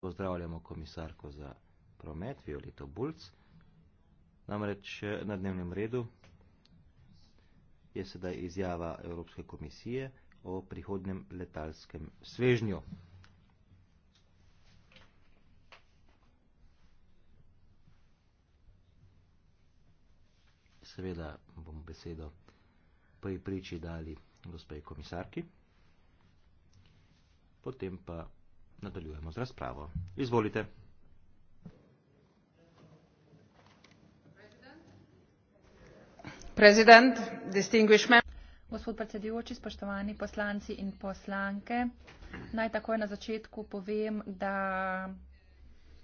Pozdravljamo komisarko za promet, Violeto Bulc. Namreč eh, na dnevnem redu je sedaj izjava Evropske komisije o prihodnem letalskem svežnju. Seveda bom besedo pri priči dali gospej komisarki, potem pa nadaljujemo z razpravo. Izvolite. President, Gospod predsedujoči, spoštovani poslanci in poslanke, naj takoj na začetku povem, da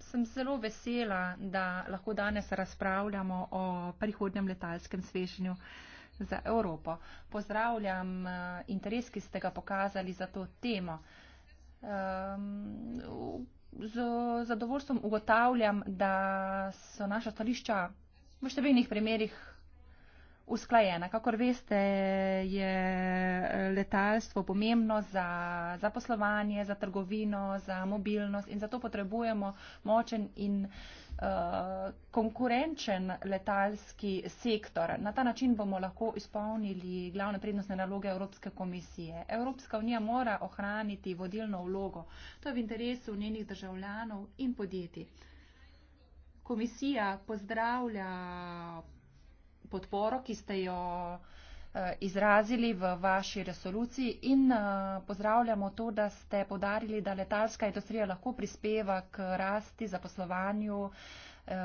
sem zelo vesela, da lahko danes razpravljamo o prihodnjem letalskem svežnju za Evropo. Pozdravljam eh, interes, ki ste ga pokazali za to temo z zadovoljstvom ugotavljam, da so naša stališča v številnih primerjih usklajena. Kakor veste, je letalstvo pomembno za zaposlovanje, za trgovino, za mobilnost in zato potrebujemo močen in. Eh, konkurenčen letalski sektor. Na ta način bomo lahko izpolnili glavne prednostne naloge Evropske komisije. Evropska unija mora ohraniti vodilno vlogo. To je v interesu njenih državljanov in podjetij. Komisija pozdravlja podporo, ki ste jo uh, Eh, izrazili v vaši resoluciji in eh, pozdravljamo to, da ste podarili, da letalska industrija lahko prispeva k rasti, zaposlovanju, eh,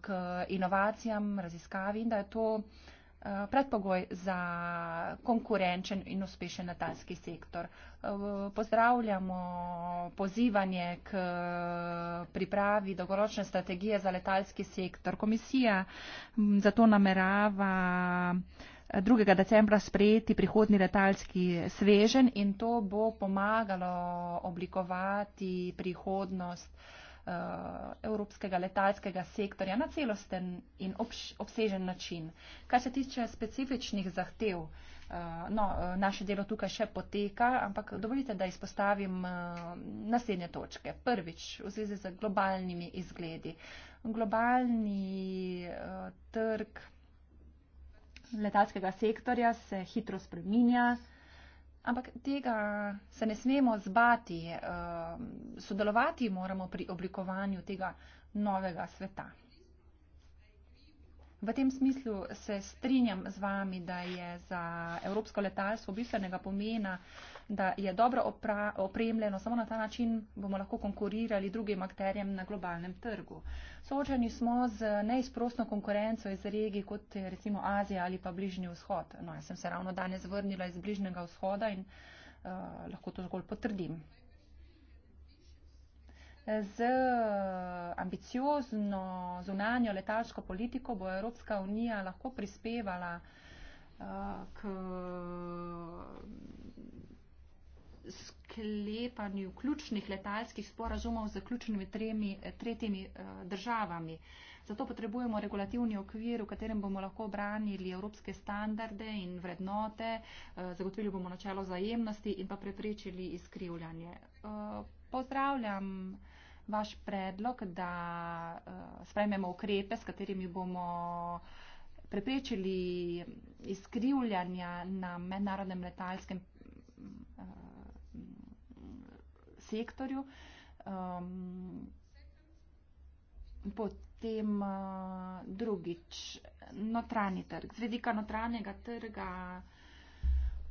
k inovacijam, raziskavi in da je to predpogoj za konkurenčen in uspešen letalski sektor. Pozdravljamo pozivanje k pripravi dolgoročne strategije za letalski sektor. Komisija zato namerava 2. decembra sprejeti prihodni letalski svežen in to bo pomagalo oblikovati prihodnost eh, evropskega letalskega sektorja na celosten in obš, obsežen način. Kar se tiče specifičnih zahtev, eh, no, eh, naše delo tukaj še poteka, ampak dovolite, da izpostavim naslednje točke. Prvič, v zvezi z globalnimi izgledi. Globalni trg letalskega sektorja se hitro spreminja. Ampak tega se ne smemo zbati, ehm, sodelovati moramo pri oblikovanju tega novega sveta. V tem smislu se strinjam z vami, da je za evropsko letalstvo bistvenega pomena uh, da je dobro opra, opremljeno, samo na ta način bomo lahko konkurirali drugim akterjem na globalnem trgu. Soočeni smo z neizprostno konkurenco iz regij, kot je recimo Azija ali pa Bližnji vzhod. No, jaz sem se ravno danes vrnila iz Bližnjega vzhoda in uh, lahko to zgolj potrdim. Z ambiciozno zunanjo letalsko politiko bo Evropska unija lahko prispevala uh, k sklepanju ključnih letalskih sporazumov z zaključenimi tretjimi eh, državami. Zato potrebujemo regulativni okvir, v katerem bomo lahko obranili evropske standarde in vrednote, eh, zagotovili bomo načelo zajemnosti in pa preprečili izkrivljanje. Eh, pozdravljam vaš predlog, da sprememo ukrepe, s katerimi bomo preprečili izkrivljanja na mednarodnem letalskem sektorju. Um, potem uh, drugič, notranji trg. Z vidika notranjega trga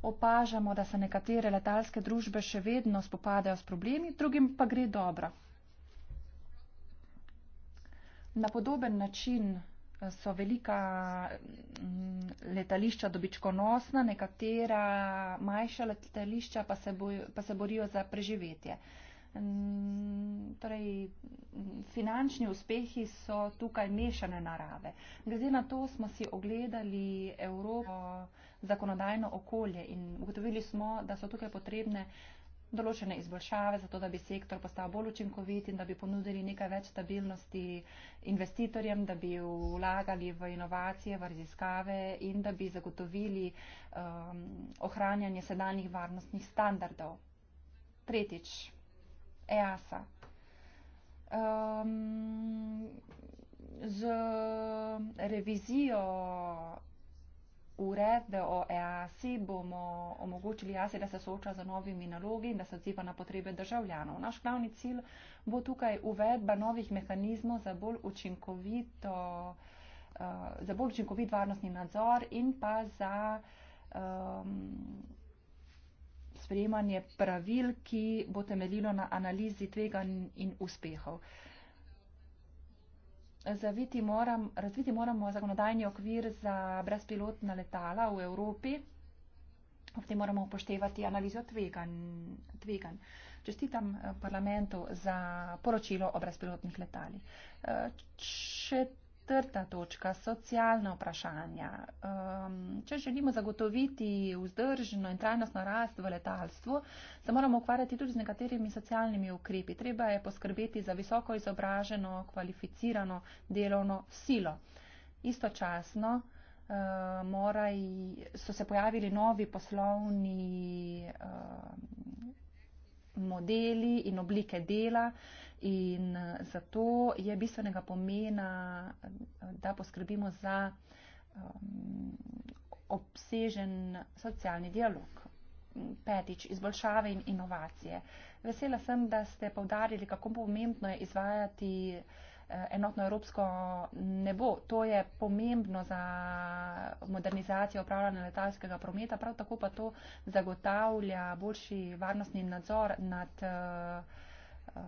opažamo, da se nekatere letalske družbe še vedno spopadajo s problemi, drugim pa gre dobro. Na podoben način so velika mm, letališča dobičkonosna, nekatera manjša letališča pa se, bojo, pa se borijo za preživetje. Mm, torej, mm, finančni uspehi so tukaj mešane narave. Glede na to smo si ogledali Evropo zakonodajno okolje in ugotovili smo, da so tukaj potrebne uh, določene izboljšave, zato da bi sektor postal bolj učinkovit in da bi ponudili nekaj več stabilnosti investitorjem, da bi vlagali v inovacije, v raziskave in da bi zagotovili um, ohranjanje sedanjih varnostnih standardov. Tretjič, EASA. Um, z revizijo uredbe o EASI bomo omogočili EASI, da se sooča z novimi nalogi in da se odziva na potrebe državljanov. Naš glavni cilj bo tukaj uvedba novih mehanizmov za bolj učinkovito, eh, za bolj učinkovit varnostni nadzor in pa za um, sprejemanje pravil, ki bo temeljilo na analizi tveganj in uspehov. Uh, zaviti moram, razviti moramo zakonodajni okvir za brezpilotna letala v Evropi. Ob tem moramo upoštevati analizo tvegan. Čestitam eh, parlamentu za poročilo o brezpilotnih letalih. Eh, če četrta točka, socialna vprašanja. Če želimo zagotoviti vzdržno in trajnostno rast v letalstvu, se moramo ukvarjati tudi z nekaterimi socialnimi ukrepi. Treba je poskrbeti za visoko izobraženo, kvalificirano delovno silo. Istočasno eh, morajo, so se pojavili novi poslovni modeli in oblike dela in eh, zato je bistvenega pomena, eh, da poskrbimo za eh, obsežen socialni dialog. Petič, izboljšave in inovacije. Vesela sem, da ste povdarili, kako pomembno je izvajati uh, enotno evropsko nebo. To je pomembno za modernizacijo upravljanja letalskega prometa, prav tako pa to zagotavlja boljši varnostni nadzor nad eh, eh,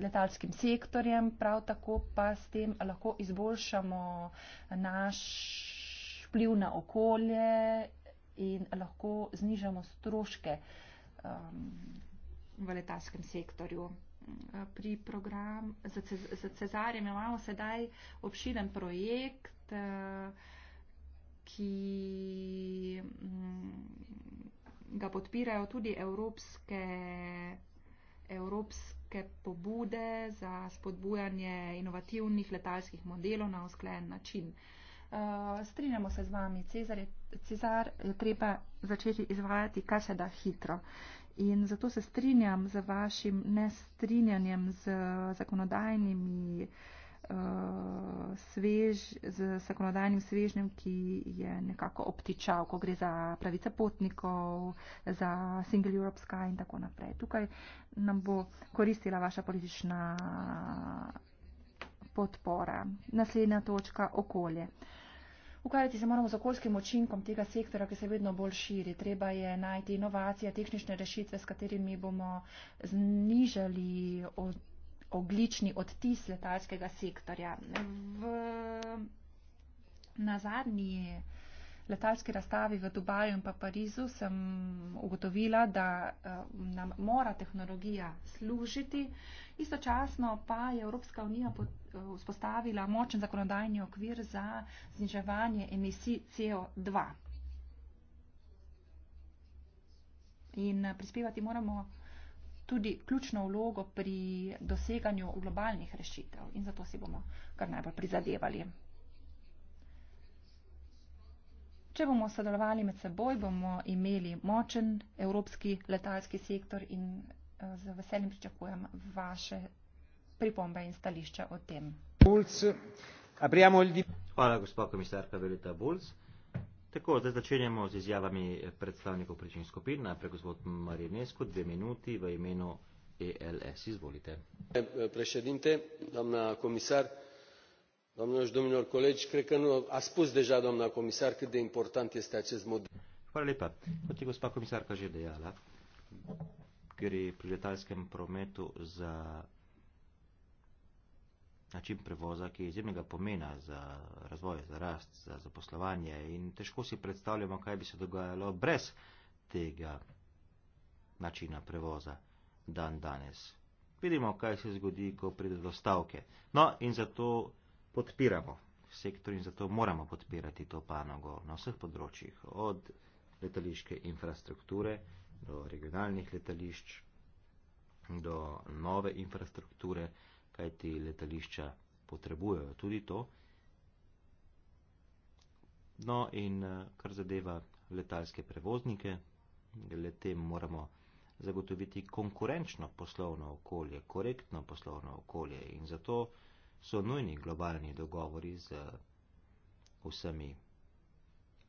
letalskim sektorjem, prav tako pa s tem lahko izboljšamo naš vpliv na okolje in lahko znižamo stroške um, v letalskem sektorju pri program, za, cez, za cezarjem imamo sedaj obširen projekt, eh, ki mm, ga podpirajo tudi evropske, evropske pobude za spodbujanje inovativnih letalskih modelov na usklajen način. Eh, strinjamo se z vami, Cezar, je, Cezar je treba začeti izvajati kar se da hitro. In zato se strinjam z vašim nestrinjanjem z zakonodajnimi eh, svež, z zakonodajnim svežnjem, ki je nekako obtičal, ko gre za pravice potnikov, za Single Europe Sky in tako naprej. Tukaj nam bo koristila vaša politična podpora. Naslednja točka okolje. Uh, Ukvarjati se moramo z okoljskim učinkom tega sektora, ki se vedno bolj širi. Treba je najti inovacije, tehnične rešitve, s katerimi bomo znižali oglični odtis letalskega sektorja. V, na zadnji letalski razstavi v Dubaju in pa Parizu sem ugotovila, da eh, nam mora tehnologija služiti. Istočasno pa je Evropska unija eh, vzpostavila močen zakonodajni okvir za zniževanje emisij CO2. In eh, prispevati moramo tudi ključno vlogo pri doseganju globalnih rešitev in zato si bomo kar najbolj prizadevali. Če bomo sodelovali med seboj, bomo imeli močen evropski letalski sektor in eh, z veseljem pričakujem vaše pripombe in stališča o tem. Hvala, gospa komisarka Veleta Bulc. Tako, zdaj začenjamo z izjavami predstavnikov prečnih skupin. Najprej gospod Marinesko, dve minuti v imenu ELS. Izvolite. Prešednite, damna komisar doamnelor și domnilor colegi, cred că nu a spus deja doamna comisar cât de important este acest model. Lepa. Poti gospa komisarka že dejala, gre pri letalskem prometu za način prevoza, ki je izjemnega pomena za razvoj, za rast, za zaposlovanje in težko si predstavljamo, kaj bi se dogajalo brez tega načina prevoza dan danes. Vidimo, kaj se zgodi, ko pride do stavke. No, in zato podpiramo sektor in zato moramo podpirati to panogo na vseh področjih, od letališke infrastrukture do regionalnih letališč, do nove infrastrukture, kaj ti letališča potrebujejo tudi to. No in kar zadeva letalske prevoznike, le tem moramo zagotoviti konkurenčno poslovno okolje, korektno poslovno okolje in zato so nujni globalni dogovori z vsemi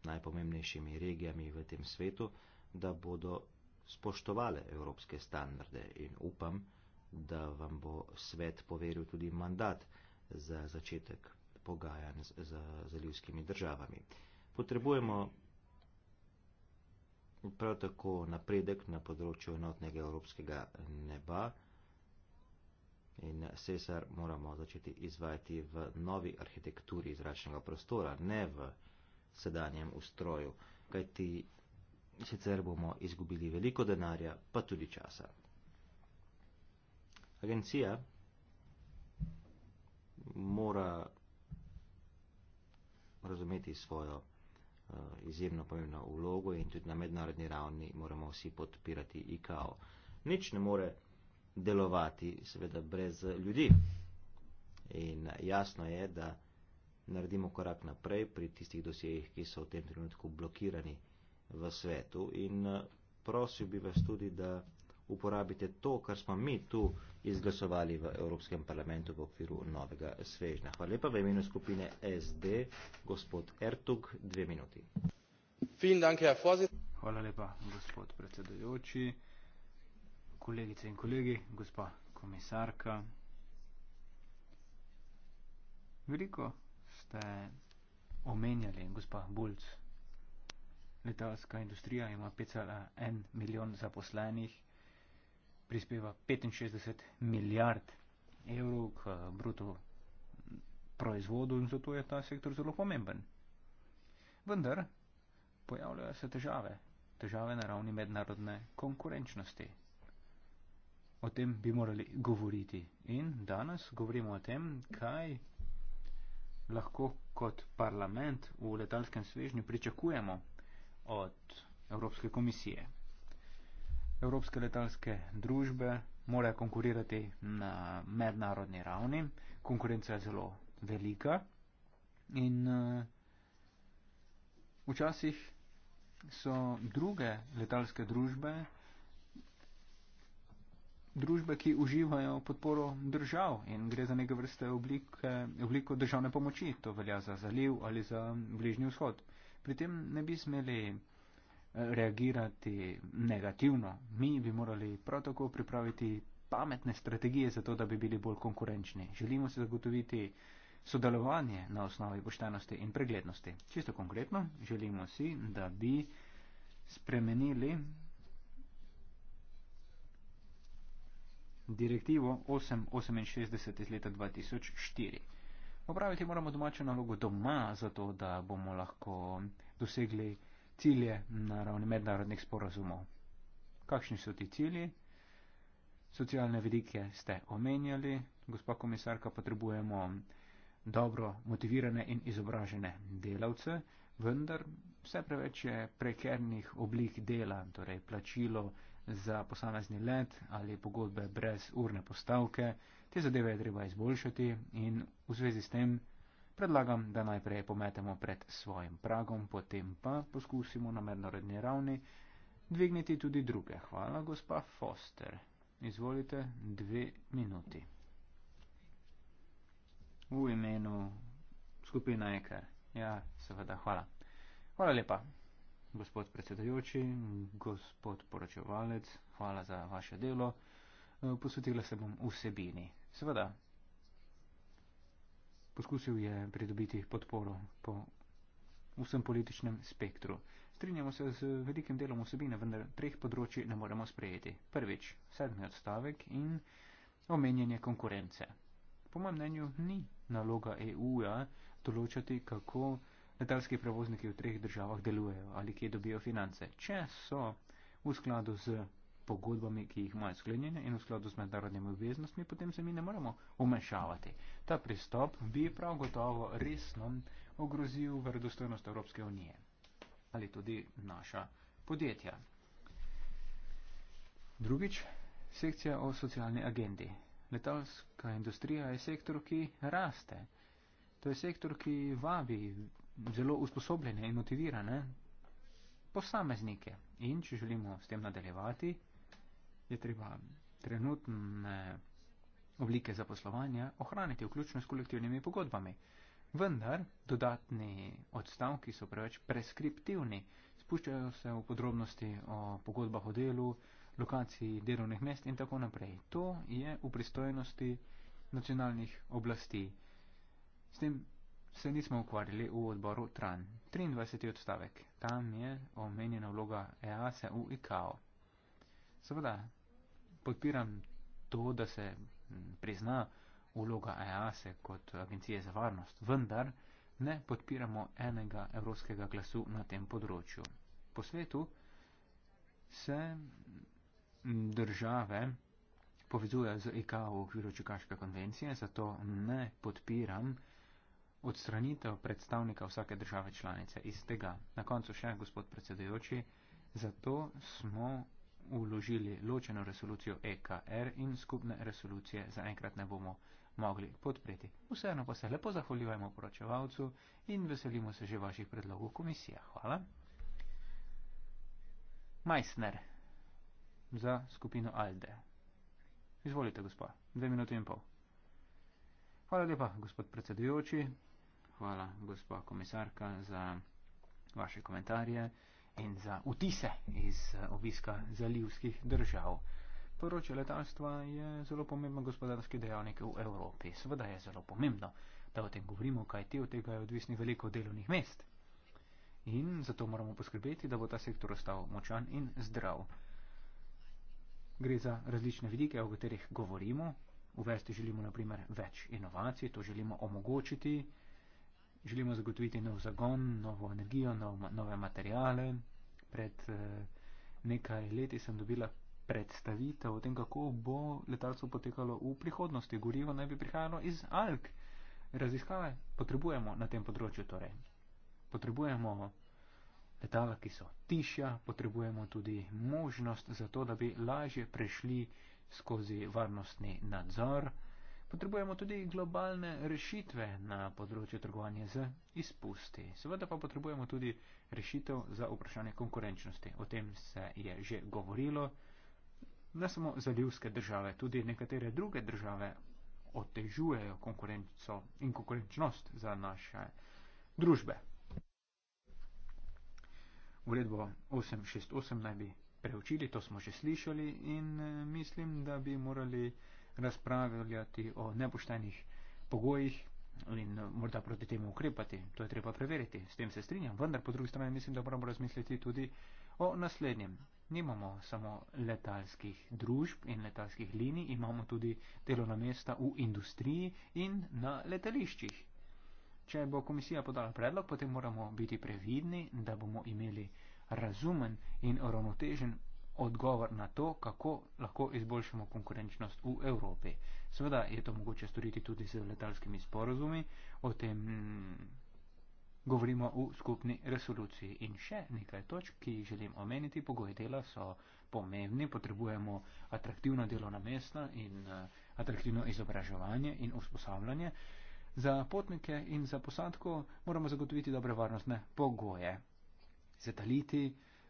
najpomembnejšimi regijami v tem svetu, da bodo spoštovale evropske standarde in upam, da vam bo svet poveril tudi mandat za začetek pogajanj z, z, z ljudskimi državami. Potrebujemo prav tako napredek na področju enotnega evropskega neba, In sesar moramo začeti izvajati v novi arhitekturi zračnega prostora, ne v sedanjem ustroju, kajti sicer bomo izgubili veliko denarja, pa tudi časa. Agencija mora razumeti svojo eh, izjemno pomembno vlogo in tudi na mednarodni ravni moramo vsi podpirati IKO. Nič ne more delovati, seveda brez ljudi. In jasno je, da naredimo korak naprej pri tistih dosjejih, ki so v tem trenutku blokirani v svetu. In eh, prosil bi vas tudi, da uporabite to, kar smo mi tu izglasovali v Evropskem parlamentu v okviru novega svežnja. Hvala lepa v imenu skupine SD, gospod Ertug, dve minuti. Hvala lepa, gospod predsedujoči kolegice in kolegi, gospa komisarka. Veliko ste omenjali, gospa Bulc. Letalska industrija ima 5,1 milijon zaposlenih, prispeva 65 milijard evrov k eh, bruto proizvodu in zato je ta sektor zelo pomemben. Vendar pojavljajo se težave, težave na ravni mednarodne konkurenčnosti o tem bi morali govoriti. In danes govorimo o tem, kaj lahko kot parlament v letalskem svežnju pričakujemo od Evropske komisije. Evropske letalske družbe morajo konkurirati na mednarodni ravni, konkurenca je zelo velika in uh, včasih so druge letalske družbe družbe, ki uživajo podporo držav in gre za neke vrste oblike, obliko državne pomoči. To velja za zaliv ali za bližnji vzhod. Pri tem ne bi smeli eh, reagirati negativno. Mi bi morali prav tako pripraviti pametne strategije za to, da bi bili bolj konkurenčni. Želimo se zagotoviti sodelovanje na osnovi poštenosti in preglednosti. Čisto konkretno, želimo si, da bi spremenili direktivo 868 iz leta 2004. Opraviti moramo domačo nalogo doma, zato da bomo lahko dosegli cilje na ravni mednarodnih sporazumov. Kakšni so ti cilji? Socialne vidike ste omenjali, gospa komisarka, potrebujemo dobro motivirane in izobražene delavce, vendar vse preveč je prekernih oblik dela, torej plačilo za posamezni let ali pogodbe brez urne postavke. Te zadeve je treba izboljšati in v zvezi s tem predlagam, da najprej pometemo pred svojim pragom, potem pa poskusimo na mednarodni ravni dvigniti tudi druge. Hvala, gospa Foster. Izvolite dve minuti. V imenu skupine EKR. Ja, seveda, hvala. Hvala lepa gospod predsedajoči, gospod poročevalec, hvala za vaše delo. E, posvetila se bom vsebini. Seveda. Poskusil je pridobiti podporo po vsem političnem spektru. Strinjamo se z velikim delom vsebine, vendar treh področji ne moremo sprejeti. Prvič, sedmi odstavek in omenjanje konkurence. Po mojem mnenju ni naloga EU-ja določati, kako letalski prevozniki v treh državah delujejo ali kje dobijo finance, če so v skladu z pogodbami, ki jih imajo sklenjene in v skladu z mednarodnimi obveznostmi, potem se mi ne moremo umešavati. Ta pristop bi prav gotovo resno ogrozil verodostojnost Evropske unije ali tudi naša podjetja. Drugič, sekcija o socialni agendi. Letalska industrija je sektor, ki raste. To je sektor, ki vabi zelo usposobljene in motivirane posameznike. In če želimo s tem nadaljevati, je treba trenutne oblike zaposlovanja ohraniti, vključno s kolektivnimi pogodbami. Vendar dodatni odstavki so preveč preskriptivni, spuščajo se v podrobnosti o pogodbah o delu, lokaciji delovnih mest in tako naprej. To je v pristojnosti nacionalnih oblasti. S tem se nismo ukvarjali v odboru TRAN. 23. odstavek. Tam je omenjena vloga EASE v IKAO. Seveda podpiram to, da se prizna vloga EASE kot agencije za varnost, vendar ne podpiramo enega evropskega glasu na tem področju. Po svetu se države povezujejo z IKAO v okviru Čekaške konvencije, zato ne podpiram odstranitev predstavnika vsake države članice iz tega. Na koncu še, gospod predsedujoči, zato smo uložili ločeno resolucijo EKR in skupne resolucije zaenkrat ne bomo mogli podpreti. Vseeno pa se lepo zahvaljujemo poročevalcu in veselimo se že vaših predlogov komisija. Hvala. Majsner za skupino Alde. Izvolite, gospod, dve minuti in pol. Hvala lepa, gospod predsedujoči hvala, gospa komisarka, za vaše komentarje in za vtise iz eh, obiska zalivskih držav. Področje letalstva je zelo pomemben gospodarski dejavnik v Evropi. Sveda je zelo pomembno, da o tem govorimo, kaj ti od tega je odvisnih veliko delovnih mest. In zato moramo poskrbeti, da bo ta sektor ostal močan in zdrav. Gre za različne vidike, o katerih govorimo. Uvesti želimo naprimer več inovacij, to želimo omogočiti želimo zagotoviti nov zagon, novo energijo, nov, nove materijale. Pred eh, nekaj leti sem dobila predstavitev o tem, kako bo letalstvo potekalo v prihodnosti. Gorivo naj bi prihajalo iz Alk. Raziskave potrebujemo na tem področju torej. Potrebujemo letala, ki so tišja, potrebujemo tudi možnost za to, da bi lažje prešli skozi varnostni nadzor. Potrebujemo tudi globalne rešitve na področju trgovanja z izpusti. Seveda pa potrebujemo tudi rešitev za vprašanje konkurenčnosti. O tem se je že govorilo. Ne samo zalivske države, tudi nekatere druge države otežujejo konkurenco in konkurenčnost za naše družbe. Uredbo 868 naj bi preučili, to smo že slišali in eh, mislim, da bi morali razpravljati o nepoštenih pogojih in eh, morda proti temu ukrepati. To je treba preveriti. S tem se strinjam, vendar po drugi strani mislim, da moramo razmisliti tudi o naslednjem. Nimamo samo letalskih družb in letalskih linij, imamo tudi delovna mesta v industriji in na letališčih. Če bo komisija podala predlog, potem moramo biti previdni, da bomo imeli razumen in ravnotežen odgovor na to, kako lahko izboljšamo konkurenčnost v Evropi. Seveda je to mogoče storiti tudi z letalskimi sporozumi, o tem mm, govorimo v skupni resoluciji. In še nekaj točk, ki želim omeniti, pogoji dela so pomembni, potrebujemo atraktivno delovna mesta in eh, atraktivno izobraževanje in usposabljanje. Za potnike in za posadko moramo zagotoviti dobre varnostne pogoje. Zataliti,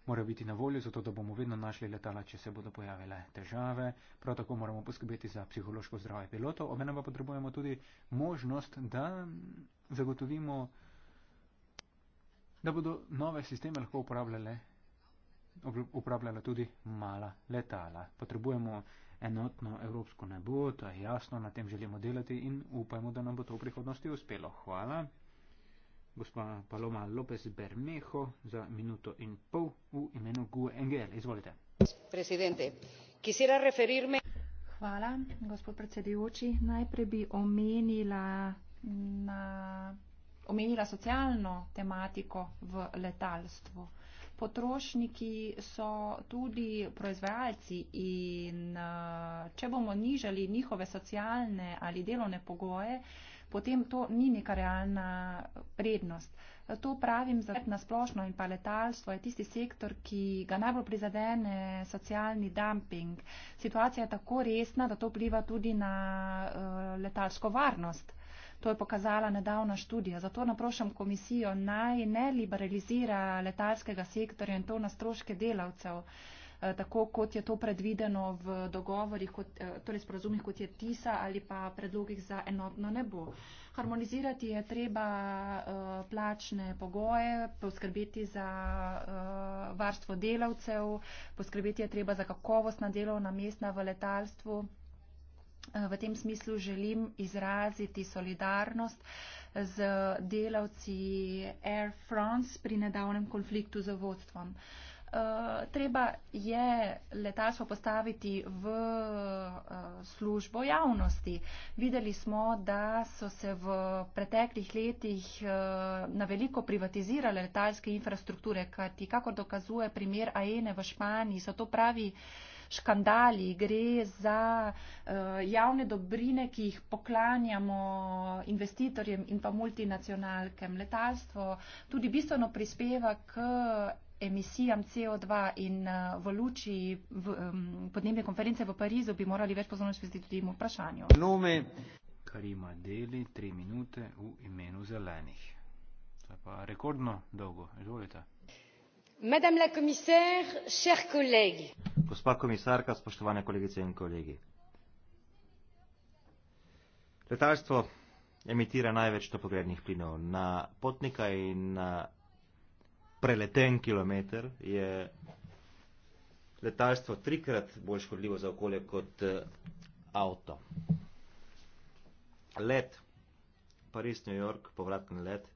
mora biti na voljo, zato da bomo vedno našli letala, če se bodo pojavile težave. Prav tako moramo poskrbeti za psihološko zdravje pilotov. Omenem pa potrebujemo tudi možnost, da zagotovimo, da bodo nove sisteme lahko uporabljale, uporabljale tudi mala letala. Potrebujemo enotno evropsko nebo, to je jasno, na tem želimo delati in upajmo, da nam bo to v prihodnosti uspelo. Hvala gospa Paloma López Bermejo za minuto in pol v imenu Gue Engel. Izvolite. Hvala, gospod predsedujoči. Najprej bi omenila, na, omenila socialno tematiko v letalstvu. Potrošniki so tudi proizvajalci in eh, če bomo nižali njihove socialne ali delovne pogoje, potem to ni neka realna prednost. To pravim za na splošno in pa letalstvo je tisti sektor, ki ga najbolj prizadene socialni dumping. Situacija je tako resna, da to pliva tudi na eh, letalsko varnost. To je pokazala nedavna študija. Zato naprošam komisijo naj ne liberalizira letalskega sektorja in to na stroške delavcev. Eh, tako kot je to predvideno v dogovorih, kot, eh, torej sporazumih, kot je TISA ali pa predlogih za enotno nebo. Harmonizirati je treba eh, plačne pogoje, poskrbeti za varstvo delavcev, poskrbeti je treba za kakovostna delovna mesta v letalstvu. V tem smislu želim izraziti solidarnost z delavci Air France pri nedavnem konfliktu z vodstvom. Uh, Eh, treba je letalstvo postaviti v uh, službo javnosti. Videli smo, da so se v preteklih letih uh, na veliko privatizirale letalske infrastrukture, kajti kakor dokazuje primer AENE v Španiji, so to pravi škandali, gre za uh, javne dobrine, ki jih poklanjamo investitorjem in pa multinacionalkem. Letalstvo tudi bistveno prispeva k emisijam CO2 in eh, v luči v, um, podnebne konference v Parizu bi morali več pozornosti vzeti tudi temu vprašanju. Nome. Karima deli tri minute v imenu zelenih. To je pa rekordno dolgo. Izvolite. Madame la commissaire, cher collègue. Gospa komisarka, spoštovane kolegice in kolegi. Letalstvo emitira največ topogrednih plinov na potnika in na preleten kilometr, je letalstvo trikrat bolj škodljivo za okolje kot eh, avto. Let, Paris, New York, povratni let,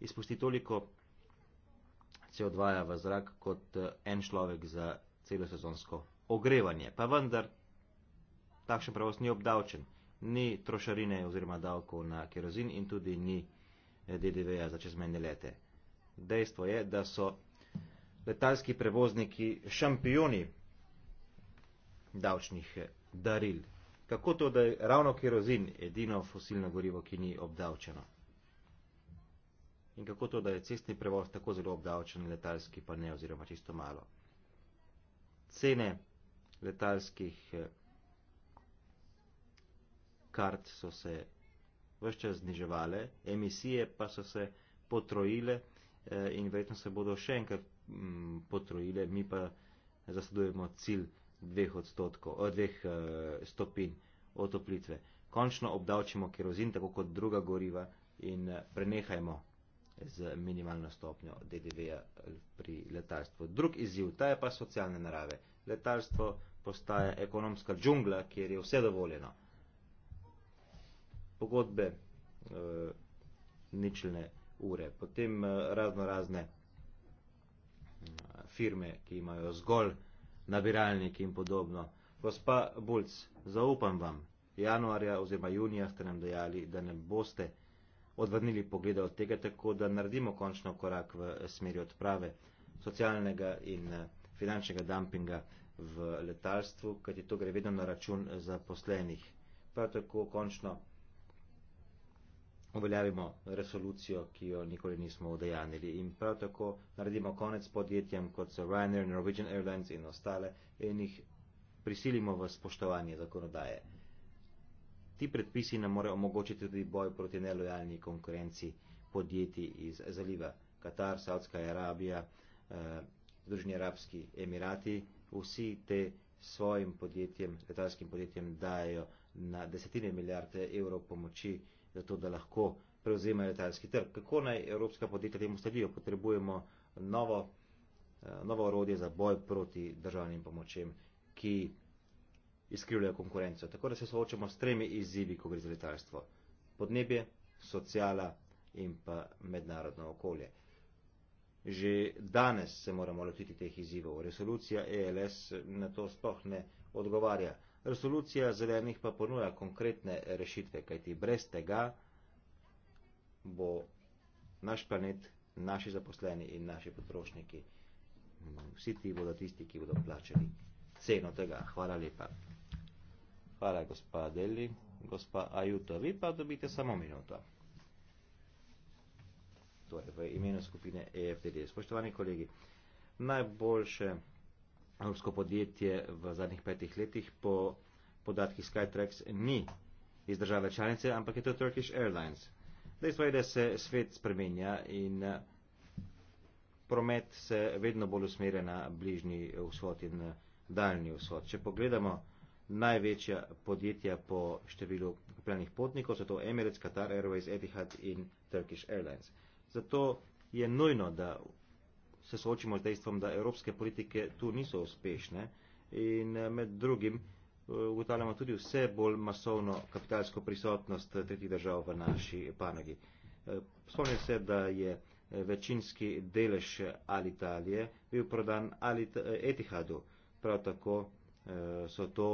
izpusti toliko CO2 -ja v zrak kot eh, en človek za celo sezonsko ogrevanje. Pa vendar, takšen pravos ni obdavčen. Ni trošarine oziroma davkov na kerozin in tudi ni eh, DDV-ja za čezmejne lete dejstvo je, da so letalski prevozniki šampioni davčnih daril. Kako to, da je ravno kerozin edino fosilno gorivo, ki ni obdavčeno? In kako to, da je cestni prevoz tako zelo obdavčen, letalski pa ne, oziroma čisto malo? Cene letalskih eh, kart so se vse čas zniževale, emisije pa so se potrojile, Eh, in verjetno se bodo še enkrat mm, potrojile, mi pa zasledujemo cilj dveh, odstotkov, eh, dveh eh, stopin otoplitve. Končno obdavčimo kerozin, tako kot druga goriva, in prenehajmo z minimalno stopnjo DDV-ja pri letalstvu. Drug izziv, ta je pa socialne narave. Letalstvo postaja ekonomska džungla, kjer je vse dovoljeno. Pogodbe e, ničelne ure. Potem eh, razno razne eh, firme, ki imajo zgolj nabiralniki in podobno. Gospa Bulc, zaupam vam, januarja oziroma junija ste nam dejali, da ne boste odvrnili pogleda od tega, tako da naredimo končno korak v eh, smeri odprave socialnega in finančnega dumpinga v letalstvu, kajti to gre vedno na račun zaposlenih. Prav tako končno uveljavimo resolucijo, ki jo nikoli nismo udejanili in prav tako naredimo konec podjetjem, kot so Ryanair, Norwegian Airlines in ostale, in jih prisilimo v spoštovanje zakonodaje. Ti predpisi nam morajo omogočiti tudi boj proti nelojalni konkurenci podjetij iz zaliva Katar, Saudska Arabija, eh, Združeni arabski emirati. Vsi te svojim podjetjem, letalskim podjetjem, dajo na desetine milijarde evrov pomoči zato da lahko prevzemajo letalski trg. Kako naj evropska podjetja temu sledijo? Potrebujemo novo, eh, novo orodje za boj proti državnim pomočem, ki izkrivljajo konkurenco. Tako da se soočamo s tremi izzivi, ko gre za letalstvo. Podnebje, sociala in pa mednarodno okolje. Že danes se moramo lotiti teh izzivov. Resolucija ELS na to sploh ne odgovarja. Resolucija zelenih pa ponuja konkretne rešitve, kajti brez tega bo naš planet, naši zaposleni in naši potrošniki, vsi ti bodo tisti, ki bodo plačali ceno tega. Hvala lepa. Hvala, gospa Deli. Gospa Ajuto, vi pa dobite samo minuto. Torej, v imenu skupine EFDD. Spoštovani kolegi, najboljše. Evropsko podjetje v zadnjih petih letih po podatkih Skytrax ni iz države članice, ampak je to Turkish Airlines. Dejstvo je, da se svet spremenja in eh, promet se vedno bolj usmerja na bližnji vzhod in eh, daljni vzhod. Če pogledamo največja podjetja po številu kupljenih potnikov, so to Emirates, Qatar Airways, Etihad in Turkish Airlines. Zato je nujno, da se soočimo z dejstvom, da evropske politike tu niso uspešne in eh, med drugim eh, ugotavljamo tudi vse bolj masovno kapitalsko prisotnost eh, tretjih držav v naši panogi. Spomnim se, da je večinski delež Alitalije bil prodan Alit Etihadu. Prav tako so to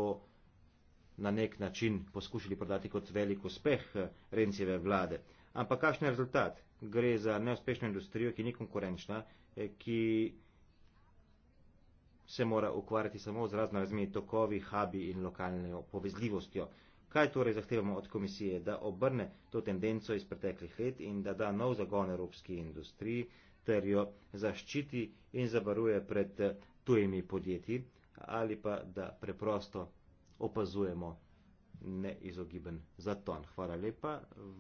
na nek način poskušali prodati kot velik uspeh Rencijeve vlade. Ampak kakšen je rezultat? Gre za neuspešno industrijo, ki ni konkurenčna, Eh, ki se mora ukvarjati samo z razno razmeri tokovi, hubi in lokalno povezljivostjo. Kaj torej zahtevamo od komisije, da obrne to tendenco iz preteklih let in da da nov zagon evropski industriji, ter jo zaščiti in zavaruje pred tujimi podjetji ali pa da preprosto opazujemo neizogiben zaton. Hvala lepa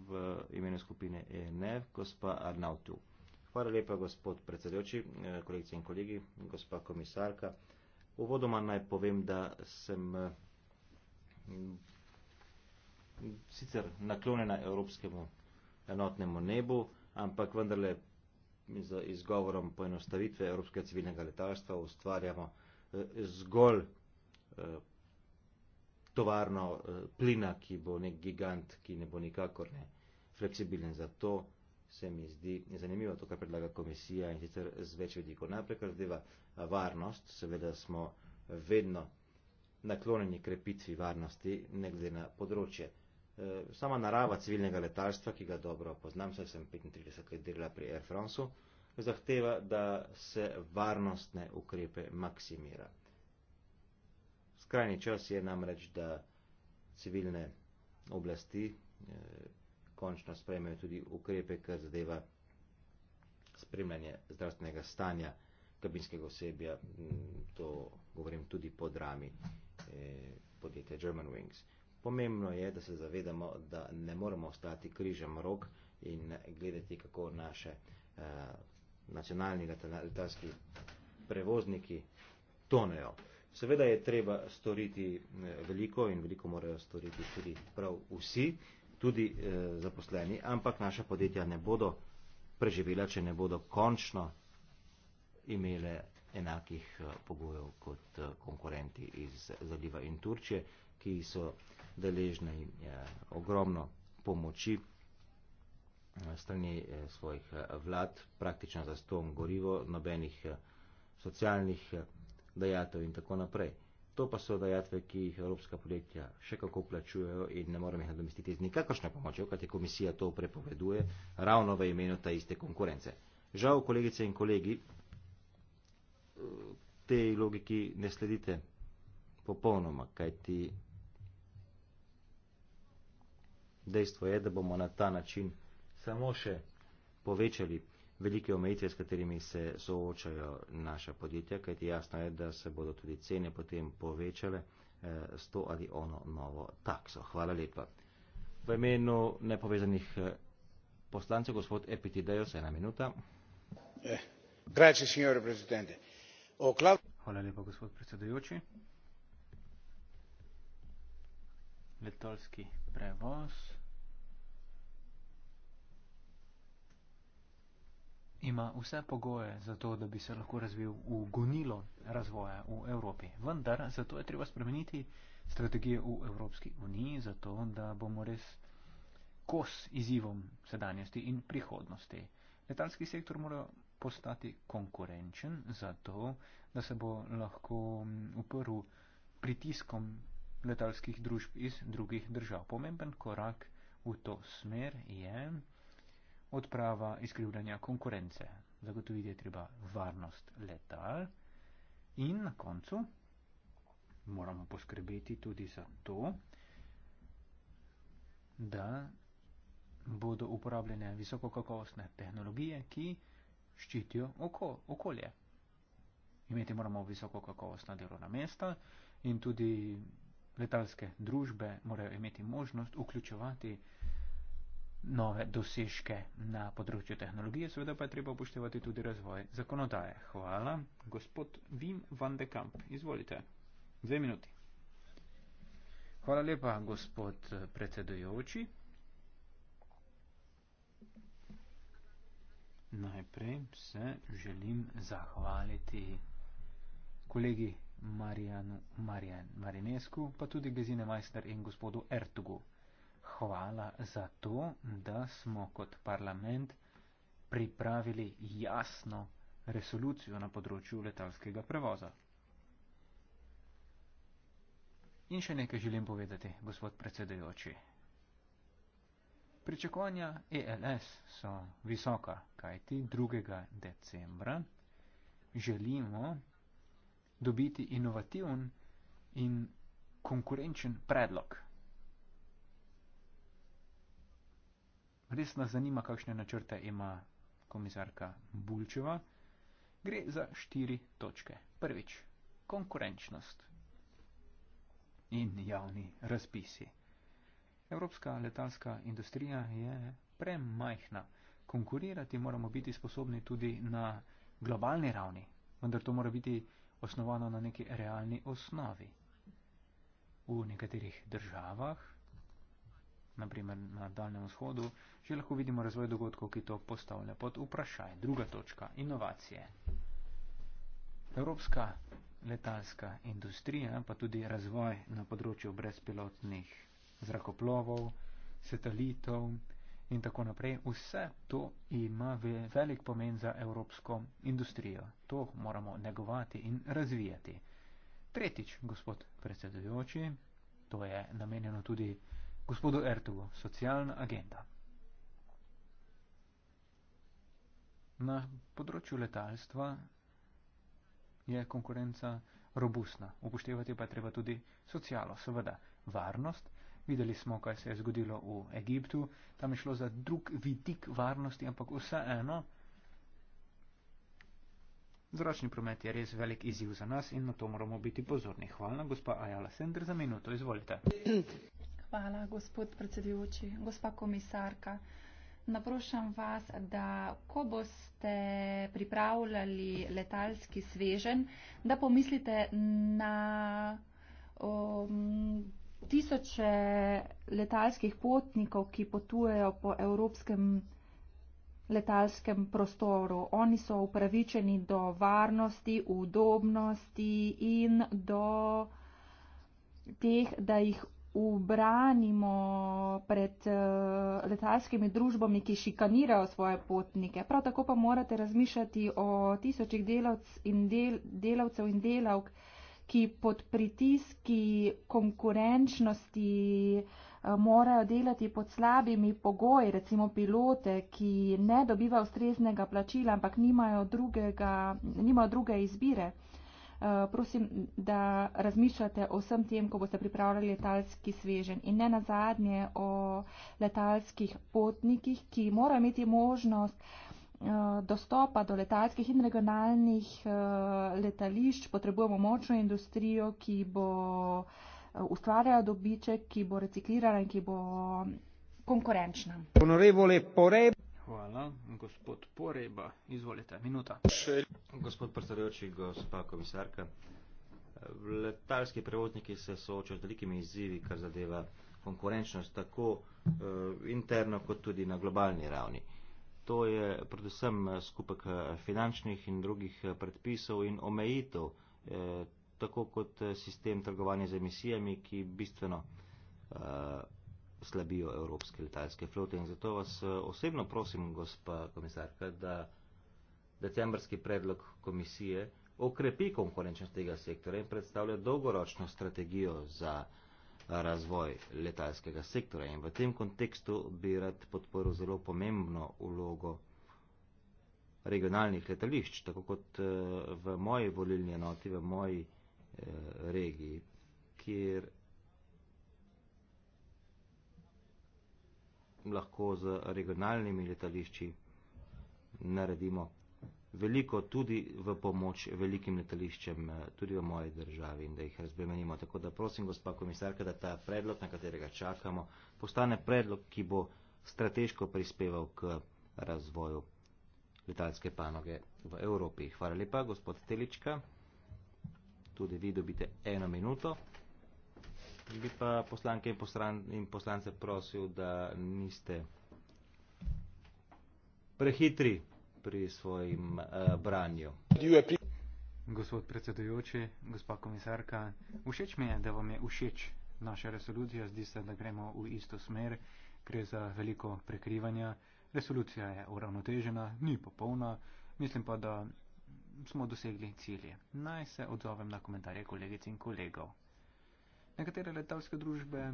v imenu skupine ENF, gospa Arnautu. Hvala lepa, gospod predsedujoči, eh, kolegice in kolegi, gospa komisarka. Uvodoma naj povem, da sem eh, sicer naklonjena evropskemu enotnemu nebu, ampak vendarle z izgovorom poenostavitve evropskega civilnega letalstva ustvarjamo eh, zgolj tovarno plina, ki bo nek gigant, ki ne bo nikakor ne fleksibilen za to se mi zdi zanimivo to, kar predlaga komisija in sicer z več vidikov. Najprej, kar zadeva eh, varnost, seveda smo vedno naklonjeni krepitvi varnosti, ne glede na področje. Eh, sama narava civilnega letalstva, ki ga dobro poznam, saj sem 35 let delala pri Air Franceu, zahteva, da se varnostne ukrepe maksimira. Skrajni čas je namreč, da civilne oblasti, eh, končno sprejmejo tudi ukrepe, kar zadeva spremljanje zdravstvenega stanja kabinskega osebja. To govorim tudi po drami eh, podjetja German Wings. Pomembno je, da se zavedamo, da ne moramo ostati križem rok in gledati, kako naše eh, nacionalni letalski prevozniki tonejo. Seveda je treba storiti eh, veliko in veliko morajo storiti tudi prav vsi, tudi eh, zaposleni, ampak naša podjetja ne bodo preživela, če ne bodo končno imele enakih eh, pogojev kot eh, konkurenti iz zaliva in Turčije, ki so deležne in eh, ogromno pomoči eh, strani eh, svojih eh, vlad, praktično za stom gorivo, nobenih eh, socialnih eh, dajatov in tako naprej. To pa so dajatve, ki jih evropska podjetja še kako plačujejo in ne morem jih nadomestiti z nikakršno pomočjo, kajti komisija to prepoveduje ravno v imenu ta iste konkurence. Žal, kolegice in kolegi, te logiki ne sledite popolnoma, kajti dejstvo je, da bomo na ta način samo še povečali velike omejitve, s katerimi se soočajo naša podjetja, kajti jasno je, da se bodo tudi cene potem povečale eh, s to ali ono novo takso. Hvala lepa. V imenu nepovezanih eh, poslancev, gospod Epitidejo, se ena minuta. Eh, Hvala lepa, gospod predsedujoči. Letalski prevoz. ima vse pogoje za to, da bi se lahko razvil v gonilo razvoja v Evropi. Vendar, zato je treba spremeniti strategije v Evropski uniji, zato da bomo res kos izzivom sedanjosti in prihodnosti. Letalski sektor mora postati konkurenčen, zato da se bo lahko mm, uprl pritiskom letalskih družb iz drugih držav. Pomemben korak v to smer je, odprava izkrivljanja konkurence, zagotoviti je treba varnost letal in na koncu moramo poskrbeti tudi za to, da bodo uporabljene visokokakovostne tehnologije, ki ščitijo oko, okolje. Imeti moramo visokokakovostna delovna mesta in tudi letalske družbe morajo imeti možnost vključevati nove dosežke na področju tehnologije, seveda pa je treba upoštevati tudi razvoj zakonodaje. Hvala. Gospod Vim van de Kamp, izvolite. Dve minuti. Hvala lepa, gospod eh, predsedujoči. Najprej se želim zahvaliti kolegi Marijanu Marijan, Marinesku, pa tudi Gezine Majster in gospodu Ertugu hvala za to, da smo kot parlament pripravili jasno resolucijo na področju letalskega prevoza. In še nekaj želim povedati, gospod predsedajoči. Pričakovanja ELS so visoka, kajti 2. decembra želimo dobiti inovativen in konkurenčen predlog. Res nas zanima, kakšne načrte ima komisarka Bulčeva. Gre za štiri točke. Prvič, konkurenčnost in javni razpisi. Evropska letalska industrija je premajhna. Konkurirati moramo biti sposobni tudi na globalni ravni, vendar to mora biti osnovano na neki realni osnovi. V nekaterih državah naprimer na Daljnem vzhodu, že lahko vidimo razvoj dogodkov, ki to postavlja pod vprašaj. Druga točka - inovacije. Evropska letalska industrija, pa tudi razvoj na področju brezpilotnih zrakoplovov, satelitov in tako naprej, vse to ima velik pomen za evropsko industrijo. To moramo negovati in razvijati. Tretjič, gospod predsedujoči, to je namenjeno tudi Gospodu Ertugu, socialna agenda. Na področju letalstva je konkurenca robustna, upoštevati pa treba tudi socialo, seveda varnost. Videli smo, kaj se je zgodilo v Egiptu, tam je šlo za drug vidik varnosti, ampak vseeno. Zračni promet je res velik izziv za nas in na to moramo biti pozorni. Hvala, gospa Ajala Sender, za minuto. Izvolite. Hvala, gospod predsedujoči, gospa komisarka. Naprošam vas, da ko boste pripravljali letalski svežen, da pomislite na um, tisoče letalskih potnikov, ki potujejo po evropskem letalskem prostoru. Oni so upravičeni do varnosti, udobnosti in do teh, da jih ubranimo pred eh, letalskimi družbami, ki šikanirajo svoje potnike. Prav tako pa morate razmišljati o tisočih delavc in del, delavcev in delavk, ki pod pritiski konkurenčnosti eh, morajo delati pod slabimi pogoji, recimo pilote, ki ne dobivajo ustreznega plačila, ampak nimajo, drugega, nimajo druge izbire. Eh, prosim, da razmišljate o vsem tem, ko boste pripravljali letalski svežen in ne nazadnje o letalskih potnikih, ki morajo imeti možnost eh, dostopa do letalskih in regionalnih eh, letališč. Potrebujemo močno industrijo, ki bo ustvarjala dobiček, ki bo reciklirana in ki bo konkurenčna. Honorevole, porej. Hvala. Gospod Poreba, izvolite, minuta. Gospod predsedujoči, gospa komisarka, letalski prevozniki se soočajo z velikimi izzivi, kar zadeva konkurenčnost tako uh, interno kot tudi na globalni ravni. To je predvsem eh, skupek eh, finančnih in drugih predpisov in omejitev, eh, tako kot sistem trgovanja z emisijami, ki bistveno eh, slabijo evropske letalske flote. In zato vas eh, osebno prosim, gospa komisarka, da decembrski predlog komisije okrepi konkurenčnost tega sektora in predstavlja dolgoročno strategijo za razvoj letalskega sektora. In v tem kontekstu bi rad podporil zelo pomembno ulogo regionalnih letališč, tako kot eh, v moji volilni enoti, v moji eh, regiji, kjer lahko z regionalnimi letališči naredimo veliko tudi v pomoč velikim letališčem, eh, tudi v moji državi in da jih razbremenimo. Tako da prosim, gospa komisarka, da ta predlog, na katerega čakamo, postane predlog, ki bo strateško prispeval k razvoju letalske panoge v Evropi. Hvala lepa, gospod Telička. Tudi vi dobite eno minuto. Bi pa poslanke in, poslan in poslance prosil, da niste prehitri pri svojim uh, eh, branju. Gospod predsedujoči, gospa komisarka, všeč mi je, da vam je všeč naša resolucija. Zdi se, da gremo v isto smer. Gre za veliko prekrivanja. Resolucija je uravnotežena, ni popolna. Mislim pa, da smo dosegli cilje. Naj se odzovem na komentarje kolegic in kolegov nekatere letalske družbe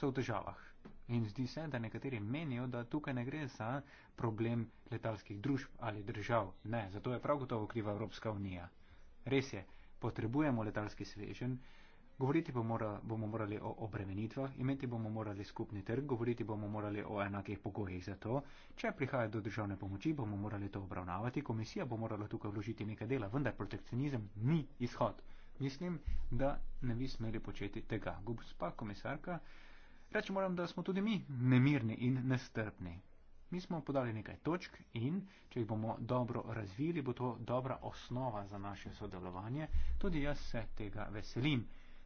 so v težavah. In zdi se, da nekateri menijo, da tukaj ne gre za problem letalskih družb ali držav. Ne, zato je prav gotovo kriva Evropska unija. Res je, potrebujemo letalski svežen, govoriti bomo, mora, bomo morali o obremenitvah, imeti bomo morali skupni trg, govoriti bomo morali o enakih pogojih za to. Če prihaja do državne pomoči, bomo morali to obravnavati, komisija bo morala tukaj vložiti nekaj dela, vendar protekcionizem ni izhod. Mislim, da ne bi smeli početi tega. Gospa komisarka, reči moram, da smo tudi mi nemirni in nestrpni. Mi smo podali nekaj točk in, če jih bomo dobro razvili, bo to dobra osnova za naše sodelovanje. Tudi jaz se tega veselim.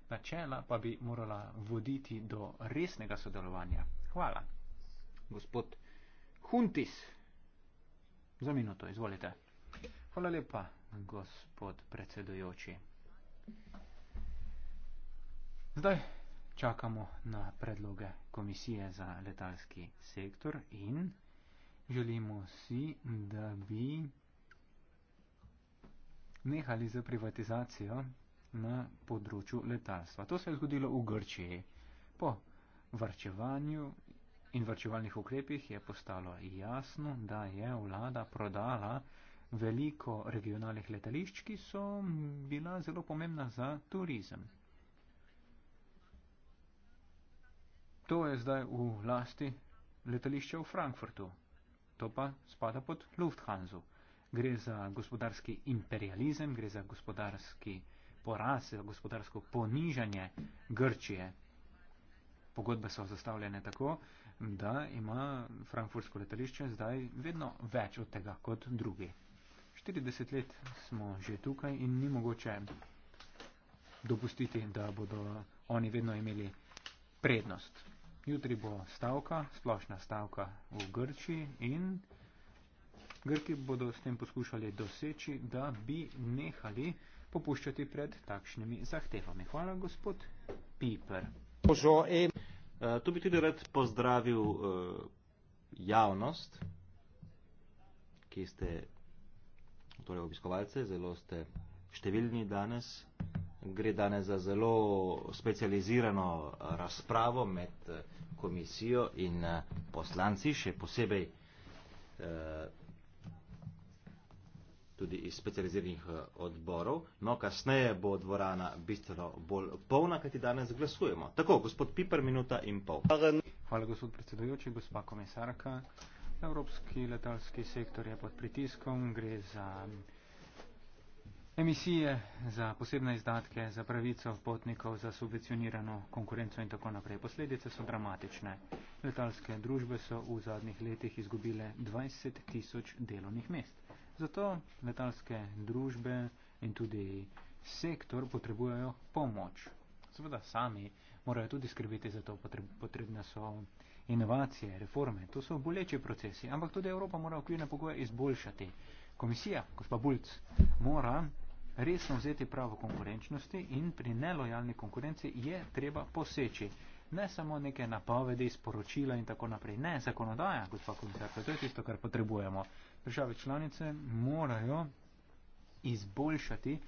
Načela pa bi morala voditi do resnega sodelovanja. Hvala. Gospod Huntis, za minuto izvolite. Hvala lepa, gospod predsedujoči. Zdaj čakamo na predloge komisije za letalski sektor in želimo si, da bi nehali z privatizacijo na področju letalstva. To se je zgodilo v Grčiji. Po vrčevanju in vrčevalnih ukrepih je postalo jasno, da je vlada prodala veliko regionalnih letališč, ki so bila zelo pomembna za turizem. To je zdaj v lasti letališča v Frankfurtu. To pa spada pod Lufthansa. Gre za gospodarski imperializem, gre za gospodarski poraz, za gospodarsko ponižanje Grčije. Pogodbe so zastavljene tako, da ima frankfursko letališče zdaj vedno več od tega kot drugi. 40 let smo že tukaj in ni mogoče dopustiti, da bodo oni vedno imeli prednost. Jutri bo stavka, splošna stavka v Grčiji in Grki bodo s tem poskušali doseči, da bi nehali popuščati pred takšnimi zahtevami. Hvala, gospod Piper. Eh, tu bi tudi rad pozdravil eh, javnost, ki ste, torej obiskovalce, zelo ste številni danes gre danes za zelo specializirano eh, razpravo med eh, komisijo in eh, poslanci, še posebej tudi iz specializiranih odborov. No, kasneje bo dvorana bistveno bolj polna, kaj ti danes glasujemo. Tako, gospod Piper, minuta in pol. Hvala, gospod predsedujoči, gospa komisarka. Evropski letalski sektor je pod pritiskom, gre za emisije za posebne izdatke, za pravico potnikov, za subvencionirano konkurenco in tako naprej. Posledice so dramatične. Letalske družbe so v zadnjih letih izgubile 20 tisoč delovnih mest. Zato letalske družbe in tudi sektor potrebujejo pomoč. Seveda sami morajo tudi skrbeti za to, potrebne so inovacije, reforme. To so boleči procesi, ampak tudi Evropa mora okvirne pogoje izboljšati. Komisija, gospod Bulc, mora resno vzeti pravo konkurenčnosti in pri nelojalni konkurenci je treba poseči. Ne samo neke napovedi, sporočila in tako naprej. Ne, zakonodaja, gospod komisarka, to je tisto, kar potrebujemo. Države članice morajo izboljšati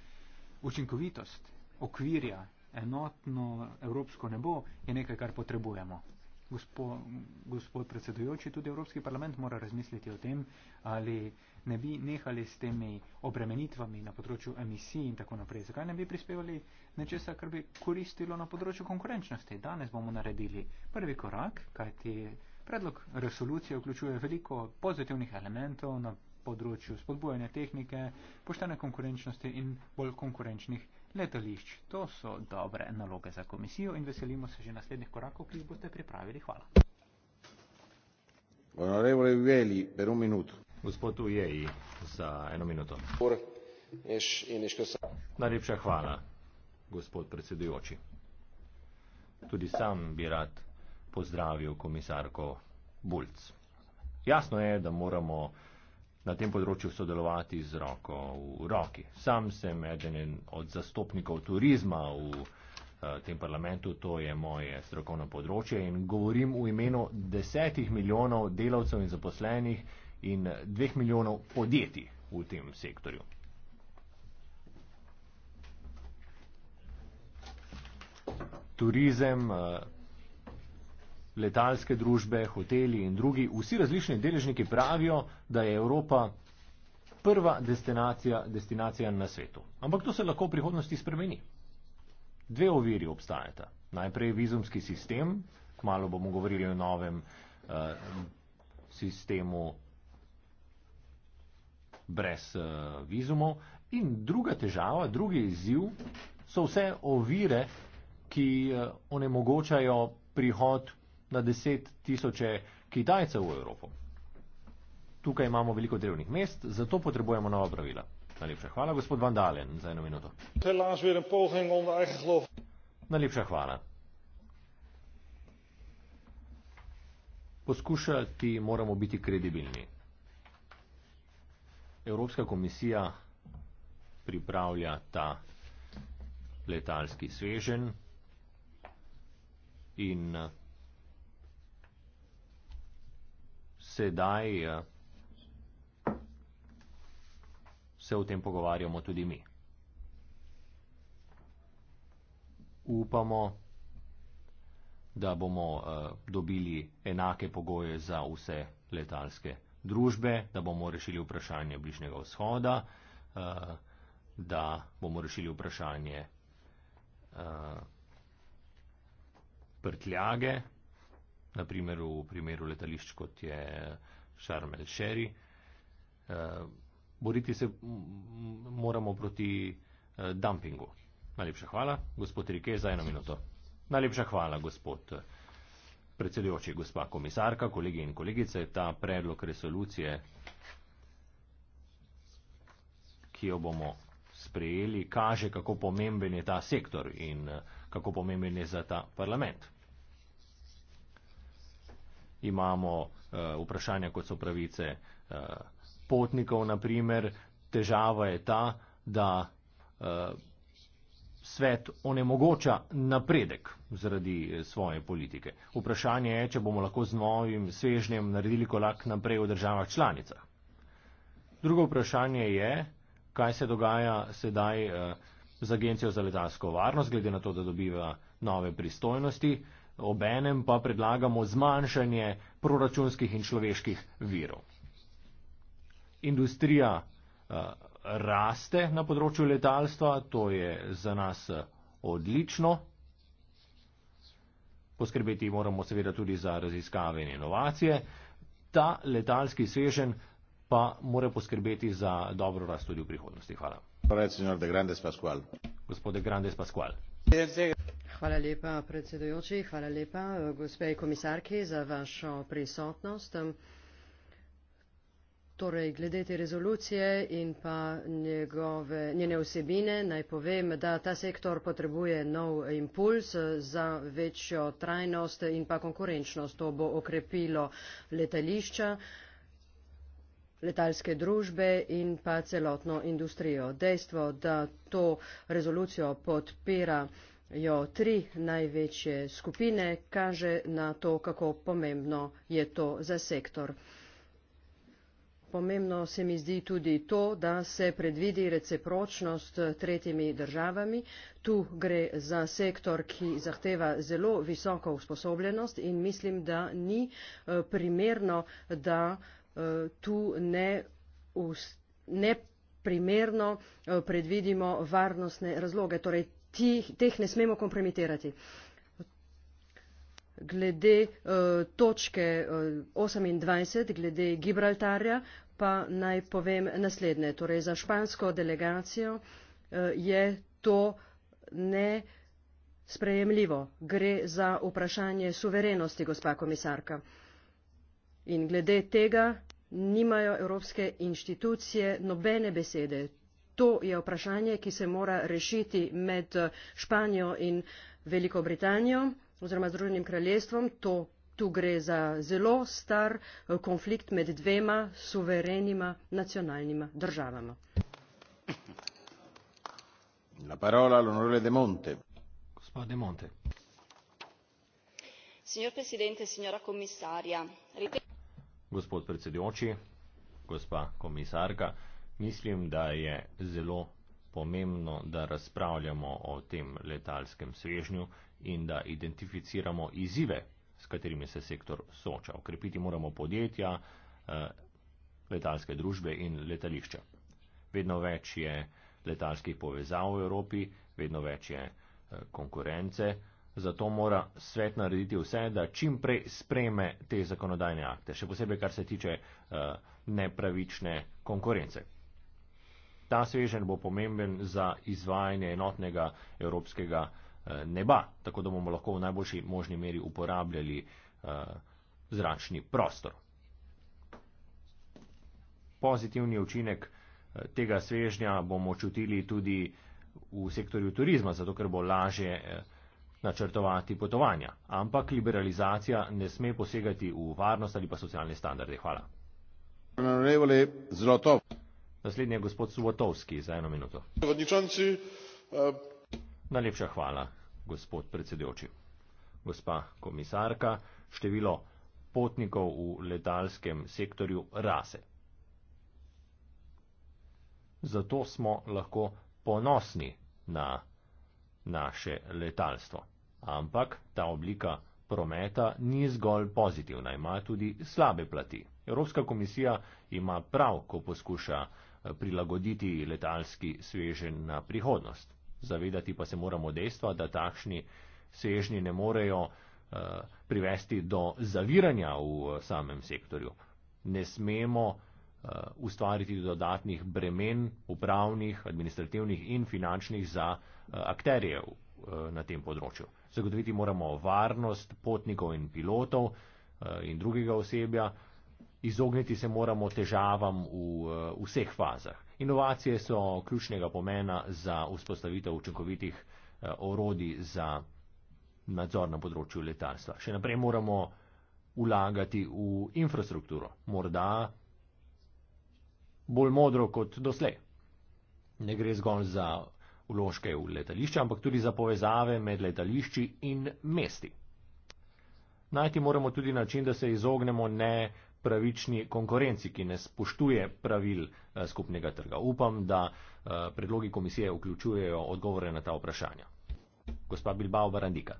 učinkovitost okvirja enotno evropsko nebo je nekaj, kar potrebujemo. Gospod, gospod predsedujoči, tudi Evropski parlament mora razmisliti o tem, ali ne bi nehali s temi obremenitvami na področju emisij in tako naprej? Zakaj ne bi prispevali nečesa, kar bi koristilo na področju konkurenčnosti? Danes bomo naredili prvi korak, kajti predlog resolucije vključuje veliko pozitivnih elementov na področju spodbujanja tehnike, poštene konkurenčnosti in bolj konkurenčnih letališč. To so dobre naloge za komisijo in veselimo se že naslednjih korakov, ki jih boste pripravili. Hvala. Onorevole Veli, per un minuto. Gospod Ujeji za eno minuto. Najlepša hvala, gospod predsedujoči. Tudi sam bi rad pozdravil komisarko Bulc. Jasno je, da moramo na tem področju sodelovati z roko v roki. Sam sem eden od zastopnikov turizma v eh, tem parlamentu, to je moje strokovno področje in govorim v imenu desetih milijonov delavcev in zaposlenih, in 2 milijonov podjetij v tem sektorju. Turizem, eh, letalske družbe, hoteli in drugi, vsi različni deležniki pravijo, da je Evropa prva destinacija, destinacija na svetu. Ampak to se lahko v prihodnosti spremeni. Dve oviri obstajata. Najprej vizumski sistem, kmalo bomo govorili o novem uh, sistemu brez uh, vizumov. In druga težava, drugi izziv so vse ovire, ki uh, onemogočajo prihod na deset tisoče Kitajcev v Evropo. Tukaj imamo veliko drevnih mest, zato potrebujemo nova pravila. Najlepša hvala, gospod Vandalen, za eno minuto. Najlepša hvala. Poskušati moramo biti kredibilni. Evropska komisija pripravlja ta letalski svežen in eh, sedaj eh, se o tem pogovarjamo tudi mi. Upamo, da bomo eh, dobili enake pogoje za vse letalske svežen družbe, da bomo rešili vprašanje Bližnjega vzhoda, eh, da bomo rešili vprašanje eh, prtljage, naprimer v primeru letališč, kot je Šarmel Šeri. Eh, boriti se moramo proti dumpingu. Najlepša hvala, gospod Rike, za eno minuto. Najlepša hvala, gospod predsedujoči, gospa komisarka, kolegi in kolegice, ta predlog resolucije, ki jo bomo sprejeli, kaže, kako pomemben je ta sektor in eh, kako pomemben je za ta parlament. Imamo uh, vprašanja, kot so pravice uh, potnikov, naprimer, težava je ta, da uh, svet onemogoča napredek zaradi eh, svoje politike. Vprašanje je, če bomo lahko z novim svežnjem naredili kolak naprej v državah članicah. Drugo vprašanje je, kaj se dogaja sedaj eh, z Agencijo za letalsko varnost, glede na to, da dobiva nove pristojnosti, obenem pa predlagamo zmanjšanje proračunskih in človeških virov. Industrija eh, raste na področju letalstva, to je za nas odlično. Poskrbeti moramo seveda tudi za raziskave in inovacije. Ta letalski svežen pa mora poskrbeti za dobro rast tudi v prihodnosti. Hvala. Gospode Grandes Pascual. Hvala lepa, predsedujoči. Hvala lepa, gospe komisarki, za vašo prisotnost. Torej, glede te rezolucije in pa njegove, njene vsebine, naj povem, da ta sektor potrebuje nov impuls za večjo trajnost in pa konkurenčnost. To bo okrepilo letališča letalske družbe in pa celotno industrijo. Dejstvo, da to rezolucijo podpirajo tri največje skupine, kaže na to, kako pomembno je to za sektor pomembno se mi zdi tudi to, da se predvidi recepročnost tretjimi državami. Tu gre za sektor, ki zahteva zelo visoko usposobljenost in mislim, da ni eh, primerno, da eh, tu ne, ne primerno eh, predvidimo varnostne razloge. Torej, tih, teh ne smemo kompromitirati. Glede uh, točke uh, 28, glede Gibraltarja, uh, pa naj povem naslednje. Torej, za špansko delegacijo eh, je to ne sprejemljivo. Gre za vprašanje suverenosti, gospa komisarka. In glede tega nimajo evropske inštitucije nobene besede. To je vprašanje, ki se mora rešiti med Španijo in Veliko Britanijo oziroma Združenim kraljestvom. To Tu gre za zelo star eh, konflikt med dvema suverenima nacionalnima državama. La parola all'onorevole De Monte. Gospod De Monte. Signor Presidente, signora commissaria. Rite... Gospod predsedujoči, gospa komisarka, mislim, da je zelo pomembno, da razpravljamo o tem letalskem svežnju in da identificiramo izzive, s katerimi se sektor soča. Okrepiti moramo podjetja, eh, letalske družbe in letališča. Vedno več je letalskih povezav v Evropi, vedno več je eh, konkurence, zato mora svet narediti vse, da čim prej spreme te zakonodajne akte, še posebej kar se tiče eh, nepravične konkurence. Ta svežen bo pomemben za izvajanje enotnega evropskega. Eh, neba, tako da bomo lahko v najboljši možni meri uporabljali eh, zračni prostor. Pozitivni učinek eh, tega svežnja bomo čutili tudi v sektorju turizma, zato ker bo lažje načrtovati potovanja. Ampak liberalizacija ne sme posegati v varnost ali pa socialne standarde. Hvala. Naslednji je gospod Subotovski za eno minuto. Najlepša hvala, gospod predsedujoči. Gospa komisarka, število potnikov v letalskem sektorju rase. Zato smo lahko ponosni na naše letalstvo. Ampak ta oblika prometa ni zgolj pozitivna, ima tudi slabe plati. Evropska komisija ima prav, ko poskuša prilagoditi letalski sveže na prihodnost. Zavedati pa se moramo dejstva, da takšni sežni ne morejo uh, privesti do zaviranja v eh, samem sektorju. Ne smemo uh, ustvariti dodatnih bremen upravnih, administrativnih in finančnih za uh, akterje uh, na tem področju. Zagotoviti moramo varnost potnikov in pilotov uh, in drugega osebja, izogniti se moramo težavam v uh, vseh fazah. Inovacije so ključnega pomena za vzpostavitev učinkovitih eh, orodij za nadzor na področju letalstva. Še naprej moramo vlagati v infrastrukturo, morda bolj modro kot doslej. Ne gre zgolj za vložke v letališče, ampak tudi za povezave med letališči in mesti. Najti moramo tudi način, da se izognemo ne pravični konkurenci, ki ne spoštuje pravil eh, skupnega trga. Upam, da eh, predlogi komisije vključujejo odgovore na ta vprašanja. Gospa Bilbao Barandika.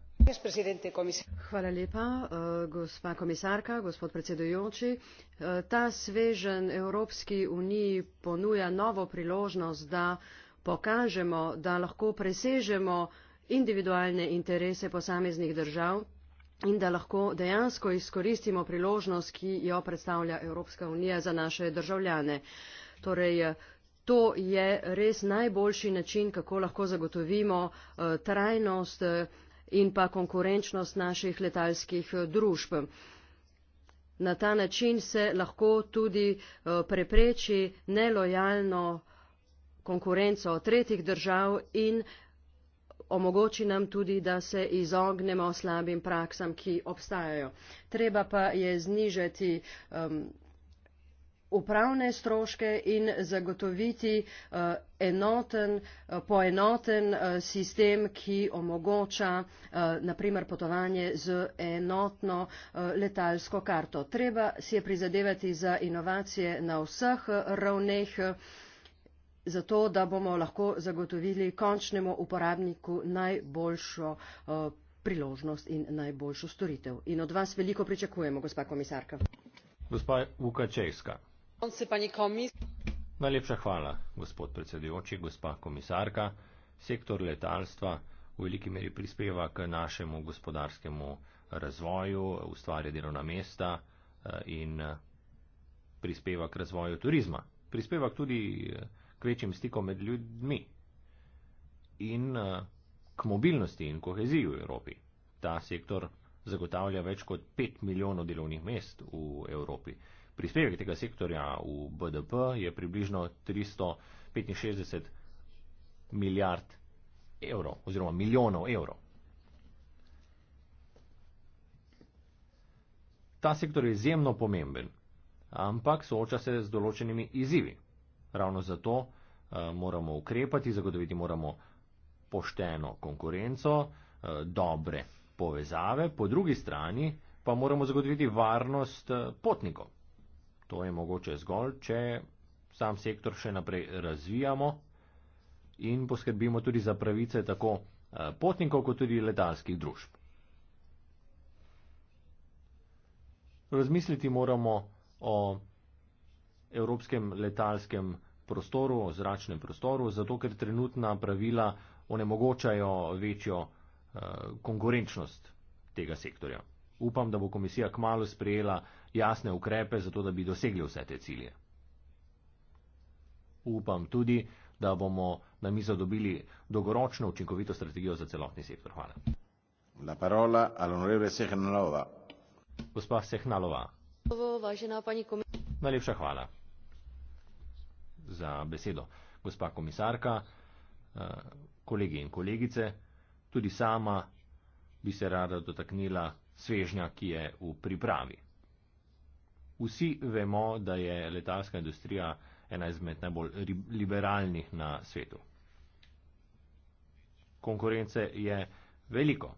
Hvala lepa, eh, gospa komisarka, gospod predsedujoči. Ta svežen Evropski uniji ponuja novo priložnost, da pokažemo, da lahko presežemo individualne interese posameznih držav in da lahko dejansko izkoristimo priložnost, ki jo predstavlja Evropska unija za naše državljane. Torej, To je res najboljši način, kako lahko zagotovimo eh, trajnost eh, in pa konkurenčnost naših letalskih eh, družb. Na ta način se lahko tudi prepreči nelojalno konkurenco tretjih držav in omogoči nam tudi, da se izognemo slabim praksam, ki obstajajo. Treba pa je znižati um, upravne stroške in zagotoviti uh, enoten, uh, poenoten uh, sistem, ki omogoča uh, naprimer potovanje z enotno uh, letalsko karto. Treba si je prizadevati za inovacije na vseh ravneh. Uh, zato da bomo lahko zagotovili končnemu uporabniku najboljšo eh, priložnost in najboljšo storitev. In od vas veliko pričakujemo, gospa komisarka. Gospa Vuka Čejska. Najlepša hvala, gospod predsedujoči, gospa komisarka. Sektor letalstva v veliki meri prispeva k našemu gospodarskemu razvoju, ustvarja delovna mesta eh, in eh, prispeva k razvoju turizma. Prispeva tudi večjim stikom med ljudmi in eh, k mobilnosti in koheziji v Evropi. Ta sektor zagotavlja več kot 5 milijonov delovnih mest v Evropi. Prispevek tega sektorja v BDP je približno 365 milijard evrov oziroma milijonov evrov. Ta sektor je izjemno pomemben, ampak sooča se z določenimi izzivi. Ravno zato Eh, moramo ukrepati, zagotoviti moramo pošteno konkurenco, eh, dobre povezave, po drugi strani pa moramo zagotoviti varnost eh, potnikov. To je mogoče zgolj, če sam sektor še naprej razvijamo in poskrbimo tudi za pravice tako potnikov, kot tudi letalskih družb. Razmisliti moramo o evropskem letalskem prostoru, zračnem prostoru, zato ker trenutna pravila onemogočajo večjo eh, konkurenčnost tega sektorja. Upam, da bo komisija kmalo sprejela jasne ukrepe, zato da bi dosegli vse te cilje. Upam tudi, da bomo na mizo dobili dolgoročno učinkovito strategijo za celotni sektor. Hvala. La parola all'onorevole Sehnalova. Gospa Sehnalova. Najlepša hvala za besedo. Gospa komisarka, eh, kolegi in kolegice, tudi sama bi se rada dotaknila svežnja, ki je v pripravi. Vsi vemo, da je letalska industrija ena izmed najbolj liberalnih na svetu. Konkurence je veliko,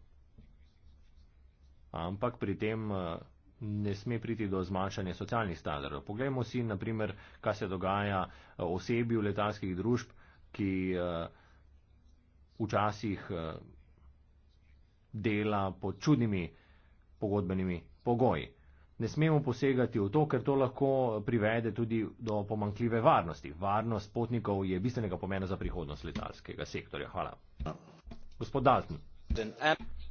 ampak pri tem eh, ne sme priti do zmanjšanja socialnih standardov. Poglejmo si, naprimer, kaj se dogaja eh, osebi v letalskih družb, ki eh, včasih eh, dela pod čudnimi pogodbenimi pogoji. Ne smemo posegati v to, ker to lahko privede tudi do pomankljive varnosti. Varnost potnikov je bistvenega pomena za prihodnost letalskega sektorja. Hvala. Gospod Dalton.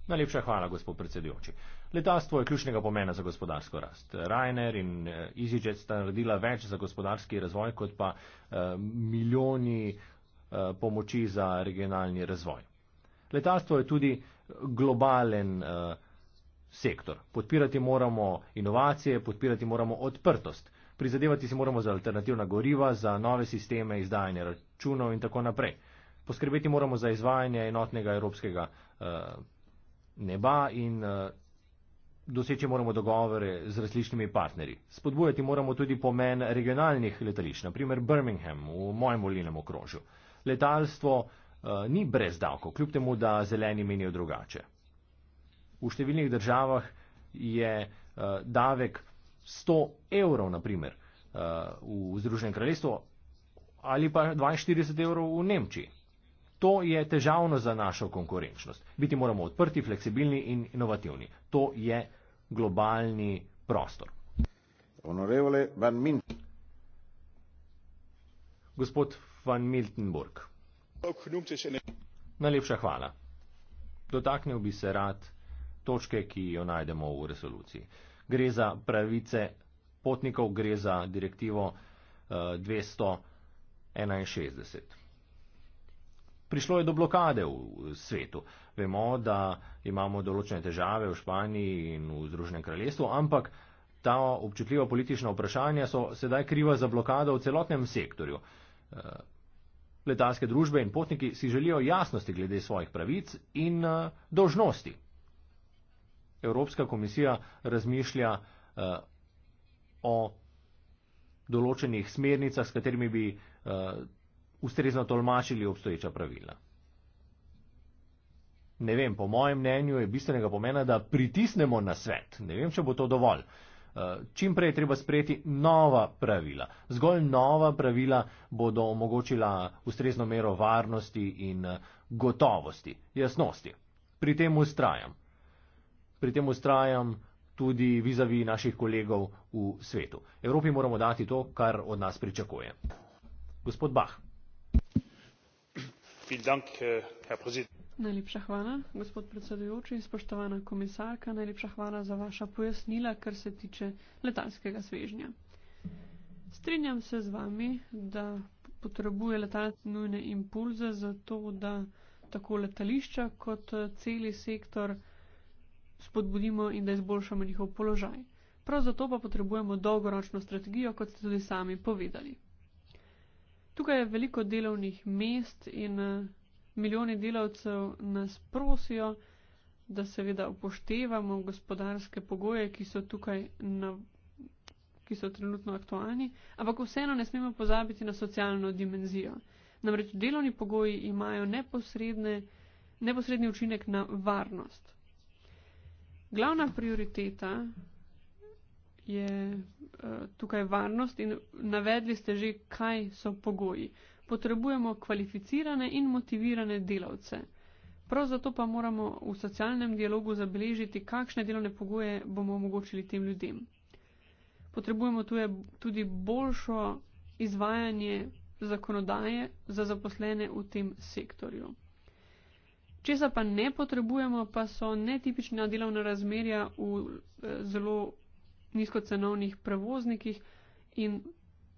Najlepša hvala, gospod predsedujoči. Letalstvo je ključnega pomena za gospodarsko rast. Rainer in eh, EasyJet sta naredila več za gospodarski razvoj, kot pa eh, milijoni eh, pomoči za regionalni razvoj. Letalstvo je tudi globalen sektor. Podpirati moramo inovacije, podpirati moramo odprtost. Prizadevati si moramo za alternativna goriva, za nove sisteme izdajanja računov in tako naprej. Poskrbeti moramo za izvajanje enotnega evropskega uh, neba in eh, doseči moramo dogovore z različnimi partnerji. Spodbujati moramo tudi pomen regionalnih letališč, naprimer Birmingham v mojem volilnem okrožju. Letalstvo eh, ni brez davkov, kljub temu, da zeleni menijo drugače. V številnih državah je eh, davek 100 evrov, naprimer v Združenem kraljestvu, ali pa 42 evrov v Nemčiji. To je težavno za našo konkurenčnost. Biti moramo odprti, fleksibilni in inovativni. To je globalni prostor. Honorevole Van Milten. Gospod Van Miltenburg. Najlepša hvala. Dotaknil bi se rad točke, ki jo najdemo v resoluciji. Gre za pravice potnikov, gre za direktivo 261. Eh, prišlo je do blokade v svetu. Vemo, da imamo določene težave v Španiji in v Združenem kraljestvu, ampak ta občutljiva politična vprašanja so sedaj kriva za blokado v celotnem sektorju. Eh, letalske družbe in potniki si želijo jasnosti glede svojih pravic in eh, dožnosti. Evropska komisija razmišlja eh, o določenih smernicah, s katerimi bi ustrezno tolmačili obstoječa pravila. Ne vem, po mojem mnenju je bistvenega pomena, da pritisnemo na svet. Ne vem, če bo to dovolj. Eh, čim prej treba sprejeti nova pravila. Zgolj nova pravila bodo omogočila ustrezno mero varnosti in eh, gotovosti, jasnosti. Pri tem ustrajam. Pri tem ustrajam tudi vizavi naših kolegov v svetu. Evropi moramo dati to, kar od nas pričakuje. Gospod Bach. Äh, Najlepša hvala, gospod predsedujoči in spoštovana komisarka. Najlepša hvala za vaša pojasnila, kar se tiče letalskega svežnja. Strinjam se z vami, da potrebuje letalske nujne impulze za to, da tako letališča kot eh, celi sektor spodbudimo in da izboljšamo njihov položaj. Prav zato pa potrebujemo dolgoročno strategijo, kot ste tudi sami povedali. Tukaj je veliko delovnih mest in eh, milijoni delavcev nas prosijo, da seveda upoštevamo gospodarske pogoje, ki so tukaj na, ki so trenutno aktualni, ampak vseeno ne smemo pozabiti na socialno dimenzijo. Namreč delovni pogoji imajo neposredne, neposredni učinek na varnost. Glavna prioriteta je eh, tukaj varnost in navedli ste že, kaj so pogoji. Potrebujemo kvalificirane in motivirane delavce. Prav zato pa moramo v socialnem dialogu zabeležiti, kakšne delovne pogoje bomo omogočili tem ljudem. Potrebujemo tudi boljšo izvajanje zakonodaje za zaposlene v tem sektorju. Česa pa ne potrebujemo, pa so netipična delovna razmerja v eh, zelo nizkocenovnih prevoznikih in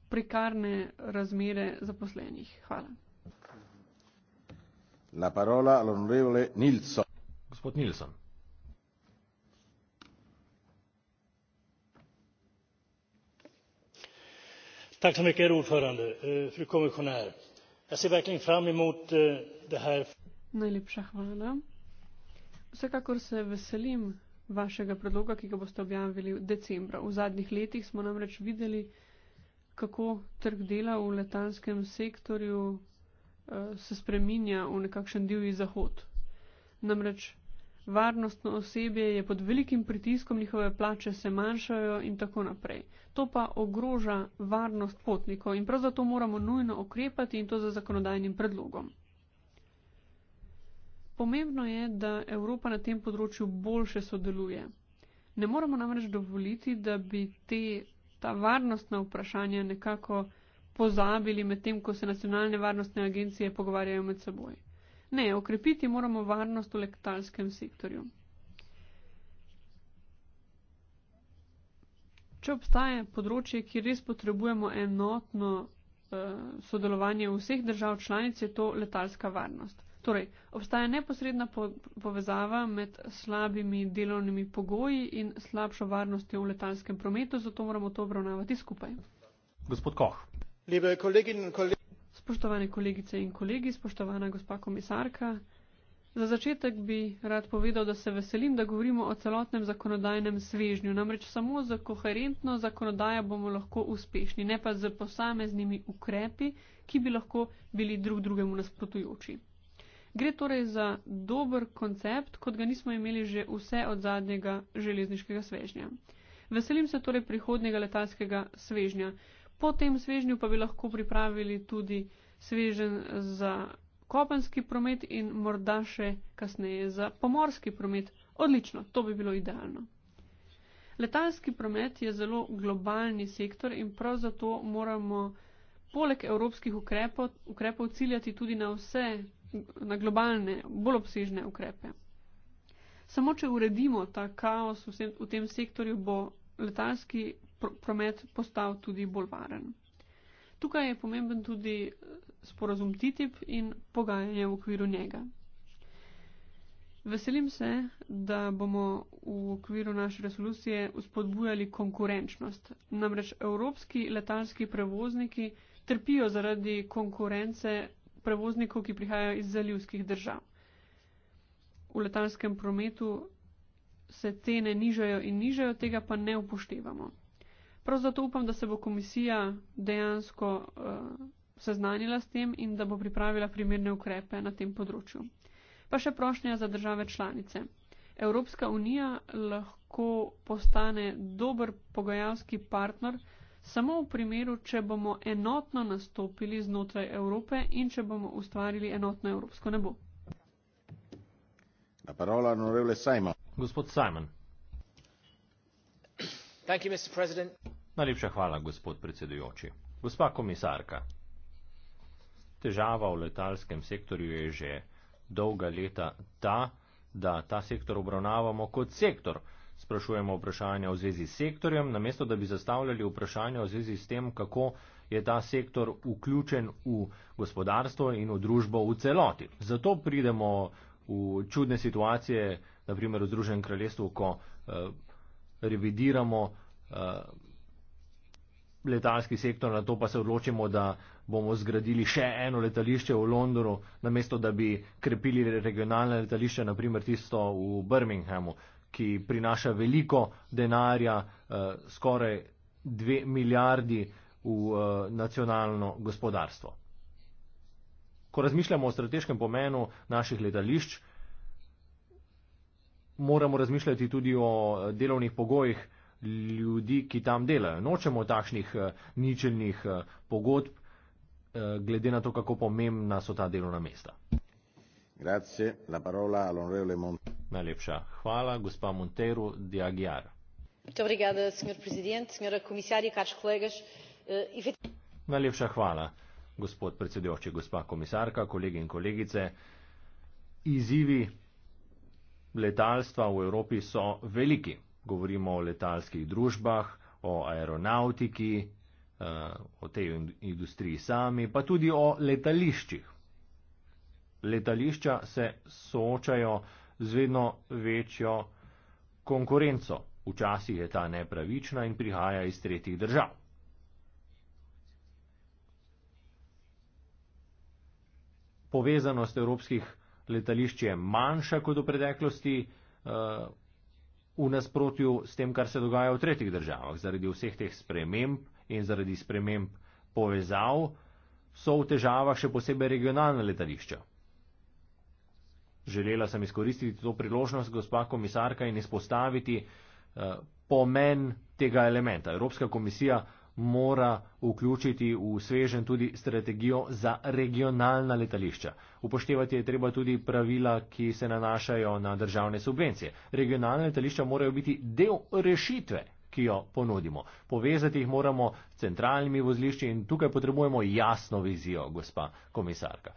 prekarne razmere zaposlenih. Hvala. La parola all'onorevole Nilsson. Gospod Nilsson. Tack så mycket, herr ordförande, eh, fru kommissionär. Jag ser verkligen fram emot eh, det här. Najlepša hvala. Vsekakor se veselim vašega predloga, ki ga boste objavili v decembra. V zadnjih letih smo namreč videli, kako trg dela v letalskem sektorju uh, se spreminja v nekakšen divji zahod. Namreč varnostno osebje je pod velikim pritiskom, njihove plače se manjšajo in tako naprej. To pa ogroža varnost potnikov in prav zato moramo nujno okrepati in to za zakonodajnim predlogom. Pomembno je, da Evropa na tem področju boljše sodeluje. Ne moramo namreč dovoliti, da bi te, ta varnostna vprašanja nekako pozabili med tem, ko se nacionalne varnostne agencije pogovarjajo med seboj. Ne, okrepiti moramo varnost v letalskem sektorju. Če obstaja področje, kjer res potrebujemo enotno uh, sodelovanje vseh držav članic, je to letalska varnost. Torej, obstaja neposredna po povezava med slabimi delovnimi pogoji in slabšo varnostjo v letalskem prometu, zato moramo to obravnavati skupaj. Gospod Koh. Spoštovane kolegice in kolegi, spoštovana gospa komisarka, za začetek bi rad povedal, da se veselim, da govorimo o celotnem zakonodajnem svežnju. Namreč samo z koherentno zakonodajo bomo lahko uspešni, ne pa z posameznimi ukrepi, ki bi lahko bili drug drugemu nasprotujoči. Gre torej za dober koncept, kot ga nismo imeli že vse od zadnjega železniškega svežnja. Veselim se torej prihodnega letalskega svežnja. Po tem svežnju pa bi lahko pripravili tudi svežen za kopenski promet in morda še kasneje za pomorski promet. Odlično, to bi bilo idealno. Letalski promet je zelo globalni sektor in prav zato moramo poleg evropskih ukrepov, ukrepov ciljati tudi na vse na globalne, bolj obsežne ukrepe. Samo, če uredimo ta kaos v, vsem, v tem sektorju, bo letalski pr promet postal tudi bolj varen. Tukaj je pomemben tudi eh, sporazum TTIP in pogajanje v okviru njega. Veselim se, da bomo v okviru naše resolucije uspodbujali konkurenčnost. Namreč evropski letalski prevozniki trpijo zaradi konkurence prevoznikov, ki prihajajo iz zalivskih držav. V letalskem prometu se cene nižajo in nižajo, tega pa ne upoštevamo. Prav zato upam, da se bo komisija dejansko uh, seznanila s tem in da bo pripravila primerne ukrepe na tem področju. Pa še prošnja za države članice. Evropska unija lahko postane dober pogajalski partner, Samo v primeru, če bomo enotno nastopili znotraj Evrope in če bomo ustvarili enotno evropsko nebo. La parola onorevole Simon. Gospod Simon. Thank you, Mr. President. Najlepša hvala, gospod predsedujoči. Gospa komisarka, težava v letalskem sektorju je že dolga leta ta, da ta sektor obravnavamo kot sektor sprašujemo vprašanja v zvezi s sektorjem, namesto da bi zastavljali vprašanja v zvezi s tem, kako je ta sektor vključen v gospodarstvo in v družbo v celoti. Zato pridemo v čudne situacije, naprimer v Združenem kraljestvu, ko eh, revidiramo eh, letalski sektor, na to pa se odločimo, da bomo zgradili še eno letališče v Londonu, namesto da bi krepili regionalne letališče, naprimer tisto v Birminghamu ki prinaša veliko denarja, eh, skoraj dve milijardi v eh, nacionalno gospodarstvo. Ko razmišljamo o strateškem pomenu naših letališč, moramo razmišljati tudi o eh, delovnih pogojih ljudi, ki tam delajo. Nočemo takšnih ničelnih pogodb, glede na to, kako pomembna so ta delovna mesta. Grazie. La parola all'onorevole Mont. Najlepša hvala, gospa Monteiro de Aguiar. Obrigada, senior eh, Najlepša hvala, gospod predsedujoči, gospa komisarka, kolegi in kolegice. Izivi letalstva v Evropi so veliki. Govorimo o letalskih družbah, o aeronautiki, eh, o tej industriji sami, pa tudi o letališčih letališča se soočajo z vedno večjo konkurenco. Včasih je ta nepravična in prihaja iz tretjih držav. Povezanost evropskih letališč je manjša kot v preteklosti, eh, v nasprotju s tem, kar se dogaja v tretjih državah. Zaradi vseh teh sprememb in zaradi sprememb povezav so v težavah še posebej regionalna letališča. Želela sem izkoristiti to priložnost, gospa komisarka, in izpostaviti eh, pomen tega elementa. Evropska komisija mora vključiti v svežen tudi strategijo za regionalna letališča. Upoštevati je treba tudi pravila, ki se nanašajo na državne subvencije. Regionalne letališča morajo biti del rešitve, ki jo ponudimo. Povezati jih moramo s centralnimi vozlišči in tukaj potrebujemo jasno vizijo, gospa komisarka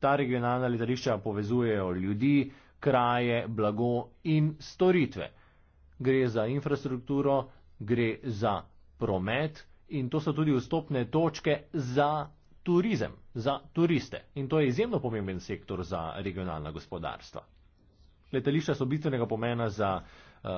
ta regionalna letališča povezujejo ljudi, kraje, blago in storitve. Gre za infrastrukturo, gre za promet in to so tudi vstopne točke za turizem, za turiste. In to je izjemno pomemben sektor za regionalna gospodarstva. Letališča so bistvenega pomena za uh,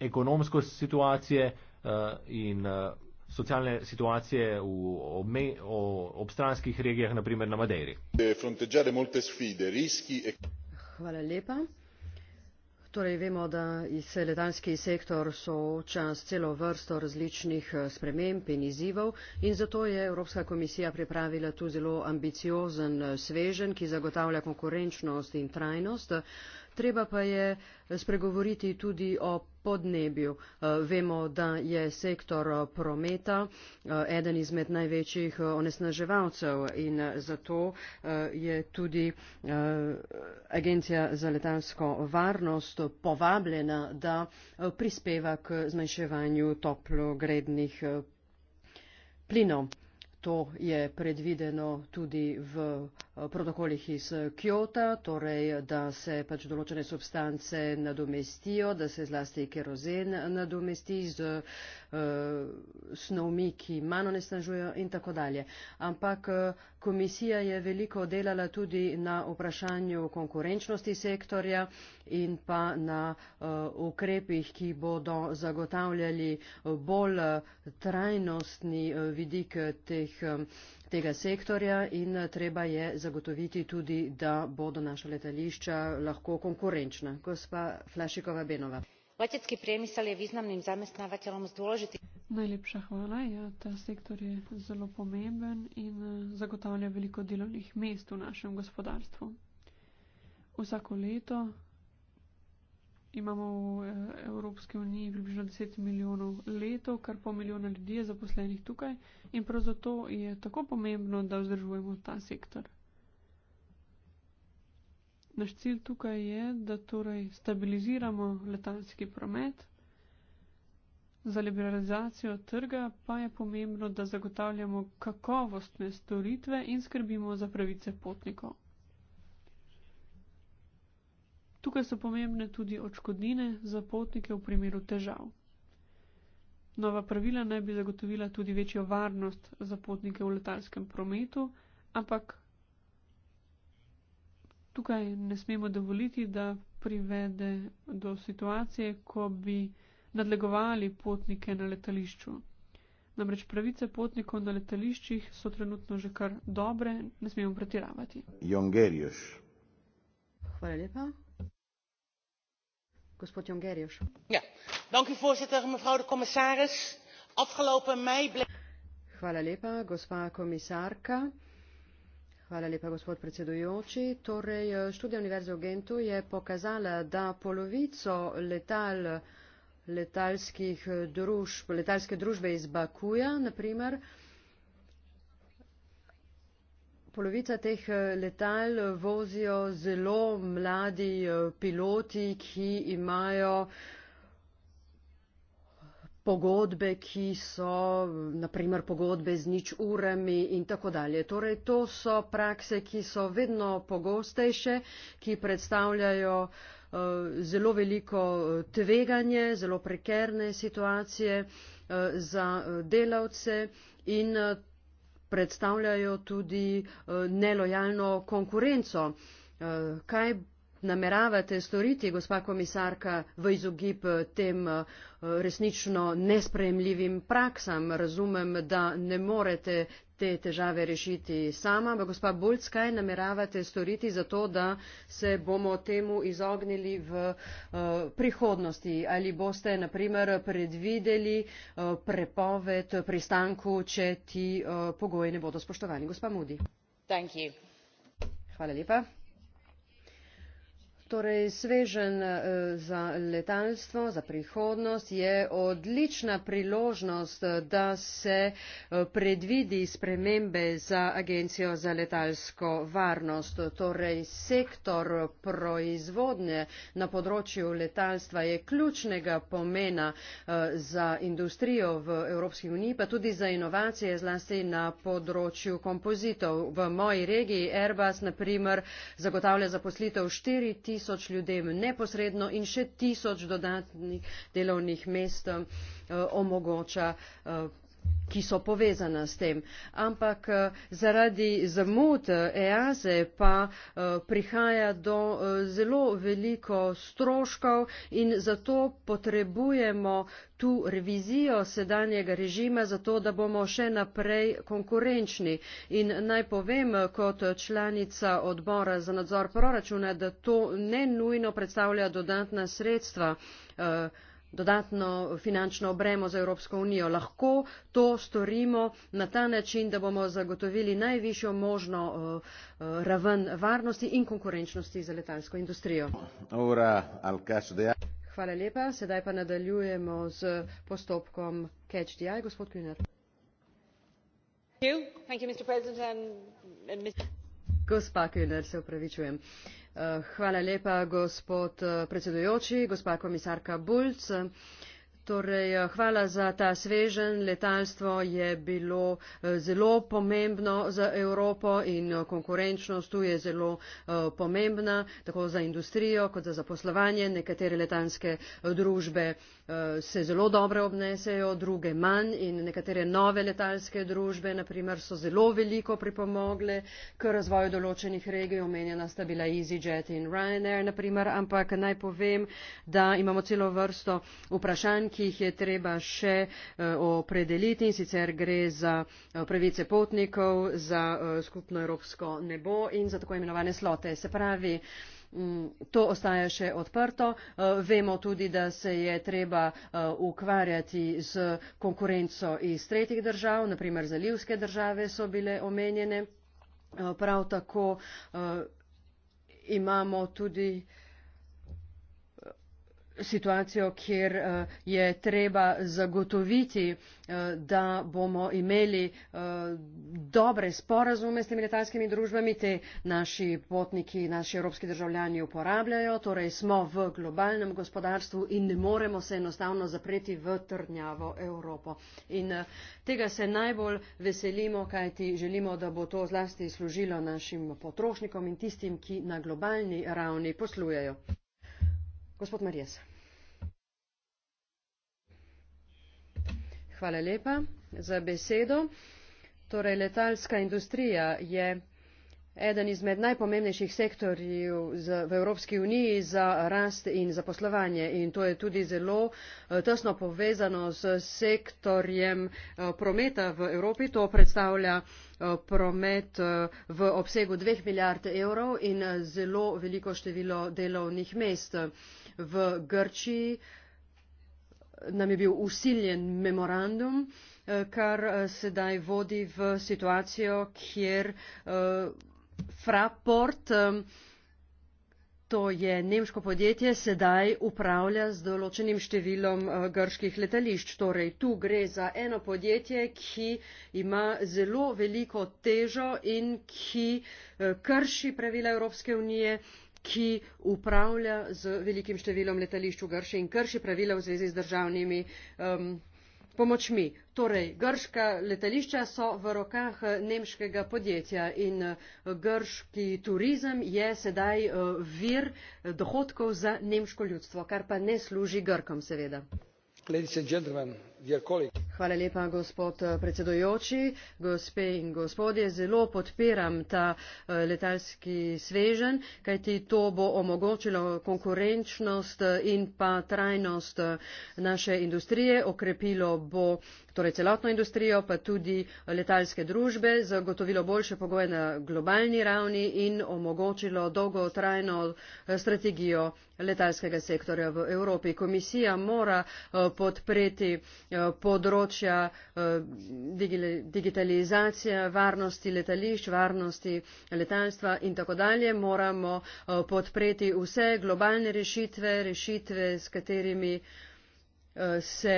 ekonomsko situacijo uh, in uh, socialne situacije v obme, o obstranskih regijah, naprimer na Madeiri. E- Hvala lepa. Torej, vemo, da se letalski sektor sooča s celo vrsto različnih eh, sprememb in izzivov in zato je Evropska komisija pripravila tu zelo ambiciozen eh, svežen, ki zagotavlja konkurenčnost in trajnost treba pa je spregovoriti tudi o podnebju. Eh, vemo, da je sektor eh, prometa eh, eden izmed največjih onesnaževalcev in zato je tudi Agencija za letalsko varnost povabljena, da prispeva k zmanjševanju toplogrednih plinov. To je predvideno tudi v eh, protokolih iz eh, Kjota, torej, da se pač določene substance nadomestijo, da se zlasti kerozen nadomesti z uh, snovmi, ki manj onesnažujejo in tako dalje. Ampak uh, komisija je veliko delala tudi na vprašanju konkurenčnosti sektorja in pa na uh, ukrepih, ki bodo zagotavljali eh, bolj eh, trajnostni vidik teh, tega sektorja in treba je zagotoviti tudi, da bodo naša letališča lahko konkurenčna. Gospa Flašikova Benova. Leteckí priemysel je významným zamestnávateľom s dôležitým... Najlepša hvala. Ja, ta sektor je zelo pomemben in eh, zagotavlja veliko delovnih mest v našem gospodarstvu. Vsako leto imamo v eh, Evropski uniji približno 10 milijonov letov, kar pol milijona ljudi je zaposlenih tukaj in prav zato je tako pomembno, da vzdržujemo ta sektor. Naš cilj tukaj je, da torej stabiliziramo letalski promet Za liberalizacijo trga pa je pomembno, da zagotavljamo kakovostne storitve in skrbimo za pravice potnikov. Tukaj so pomembne tudi očkodnine za potnike v primeru težav. Nova pravila naj bi zagotovila tudi večjo varnost za potnike v letalskem prometu, ampak tukaj ne smemo dovoliti, da privede do situacije, ko bi nadlegovali potnike na letališču. Namreč pravice potnikov na letališčih so trenutno že kar dobre, ne smemo pretiravati. Jongerjuš. Hvala lepa. Gospod Jongerjuš. Ja, danki voorzitter, mevrouw de commissaris. Afgelopen mei ble... Hvala lepa, gospa komisarka. Hvala lepa, gospod predsedujoči. Torej, eh, študija Univerze v Gentu je pokazala, da polovico letal letalskih eh, družb, letalske družbe iz Bakuja, naprimer. Polovica teh eh, letal eh, vozijo zelo mladi piloti, ki imajo pogodbe, ki so naprimer pogodbe z nič urami in tako dalje. Torej, to so prakse, ki so vedno pogostejše, ki predstavljajo uh, Eh, zelo veliko eh, tveganje, zelo prekerne situacije eh, za delavce in predstavljajo tudi nelojalno konkurenco. Kaj nameravate storiti, gospa komisarka, v izogib tem resnično nespremljivim praksam? Razumem, da ne morete te težave rešiti sama. Ampak, gospa Bulc, kaj nameravate storiti za to, da se bomo temu izognili v uh, prihodnosti? Ali boste, naprimer, predvideli uh, prepoved pristanku, če ti uh, pogoji ne bodo spoštovani? Gospa Mudi. Hvala lepa. Torej, svežen eh, za letalstvo, za prihodnost je odlična priložnost, eh, da se eh, predvidi spremembe za Agencijo za letalsko varnost. Torej, sektor proizvodnje na področju letalstva je ključnega pomena za industrijo v Evropski uniji, pa tudi za inovacije zlasti na področju kompozitov. V moji regiji Airbus, naprimer, zagotavlja zaposlitev 4000 tisoč ljudem neposredno in še tisoč dodatnih delovnih mest eh, omogoča eh, ki so povezana s tem. Ampak eh, zaradi zamud EASE eh, e pa eh, prihaja do zelo veliko stroškov in zato potrebujemo tu revizijo sedanjega režima, zato da bomo še naprej konkurenčni. In naj povem kot članica odbora za nadzor proračuna, da to ne nujno predstavlja dodatna sredstva. Uh, dodatno finančno bremo za Evropsko unijo. Lahko to storimo na ta način, da bomo zagotovili najvišjo možno eh, eh, raven varnosti in konkurenčnosti za letalsko industrijo. Hvala lepa. Sedaj pa nadaljujemo z postopkom CatchDI. Gospod Kuner. Gospa Kuner, se upravičujem. Uh, Eh, hvala lepa gospod eh, predsedujoči gospa komisarka bulc. Torej, eh, hvala za ta svežen. Letalstvo je bilo eh, zelo pomembno za Evropo in eh, konkurenčnost tu je zelo pomembna, tako za industrijo kot za zaposlovanje. Nekatere letalske družbe se zelo dobro obnesejo, druge manj in nekatere nove letalske družbe, naprimer, so zelo veliko pripomogle k razvoju določenih regij. Omenjena sta bila EasyJet in Ryanair, naprimer, ampak naj povem, da imamo celo vrsto vprašanj, ki jih je treba še eh, opredeliti in sicer gre za eh, pravice potnikov, za eh, skupno evropsko nebo in za tako imenovane slote. Se pravi, mm, To ostaja še odprto. Vemo tudi, da se je treba ukvarjati z konkurenco iz tretjih držav, naprimer zalivske države so bile omenjene. Prav tako imamo tudi situacijo, kjer eh, je treba zagotoviti, eh, da bomo imeli eh, dobre sporazume s temi letalskimi družbami, te naši potniki, naši evropski državljani uporabljajo, torej smo v globalnem gospodarstvu in ne moremo se enostavno zapreti v trdnjavo Evropo. In tega se najbolj veselimo, kajti želimo, da bo to zlasti služilo našim potrošnikom in tistim, ki na globalni ravni poslujejo. Gospod Marijas. Hvala lepa za besedo. Torej, letalska industrija je eden izmed najpomembnejših sektorjev v Evropski uniji za rast in zaposlovanje. In to je tudi zelo eh, tesno povezano s sektorjem eh, prometa v Evropi. To predstavlja eh, promet v obsegu 2 milijard evrov in zelo veliko število delovnih mest v Grčiji nam je bil usiljen memorandum, kar sedaj vodi v situacijo, kjer Fraport, to je nemško podjetje, sedaj upravlja z določenim številom eh, grških letališč. Torej, tu gre za eno podjetje, ki ima zelo veliko težo in ki eh, krši pravila Evropske unije ki upravlja z velikim številom letališč v Grši in krši pravila v zvezi z državnimi um, pomočmi. Torej, grška letališča so v rokah eh, nemškega podjetja in eh, grški turizem je sedaj eh, vir dohodkov za nemško ljudstvo, kar pa ne služi Grkom, seveda. Eh, zelo podpiram ta eh, letalski svežen, kajti to bo omogočilo konkurenčnost eh, in pa trajnost naše industrije, okrepilo bo torej celotno industrijo, pa tudi letalske družbe, zagotovilo boljše pogoje na globalni ravni in omogočilo dolgotrajno strategijo letalskega sektorja v Evropi. Komisija mora podpreti Eh, področja eh, digitalizacije, varnosti letališč, varnosti letalstva in tako dalje, moramo eh, podpreti vse globalne rešitve, rešitve, s katerimi se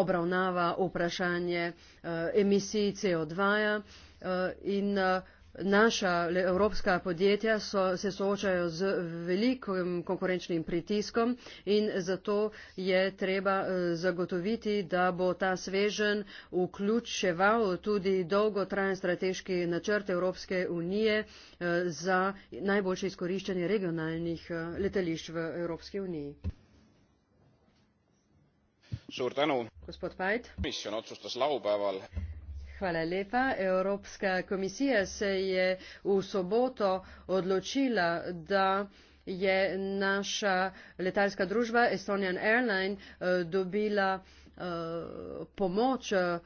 obravnava vprašanje emisij CO2 in naša evropska podjetja so, se soočajo z velikim konkurenčnim pritiskom in zato je treba eh, zagotoviti, da bo ta svežen vključeval tudi dolgotrajen strateški načrt Evropske unije eh, za najboljše izkoriščanje regionalnih eh, letališč v Evropski uniji. Suur tänu. Gospod Pajt. Komisjon otsustas laupäeval Hvala lepa. Evropska komisija se je v soboto odločila, da je naša letalska družba Estonian Airline eh, dobila eh, pomoč eh,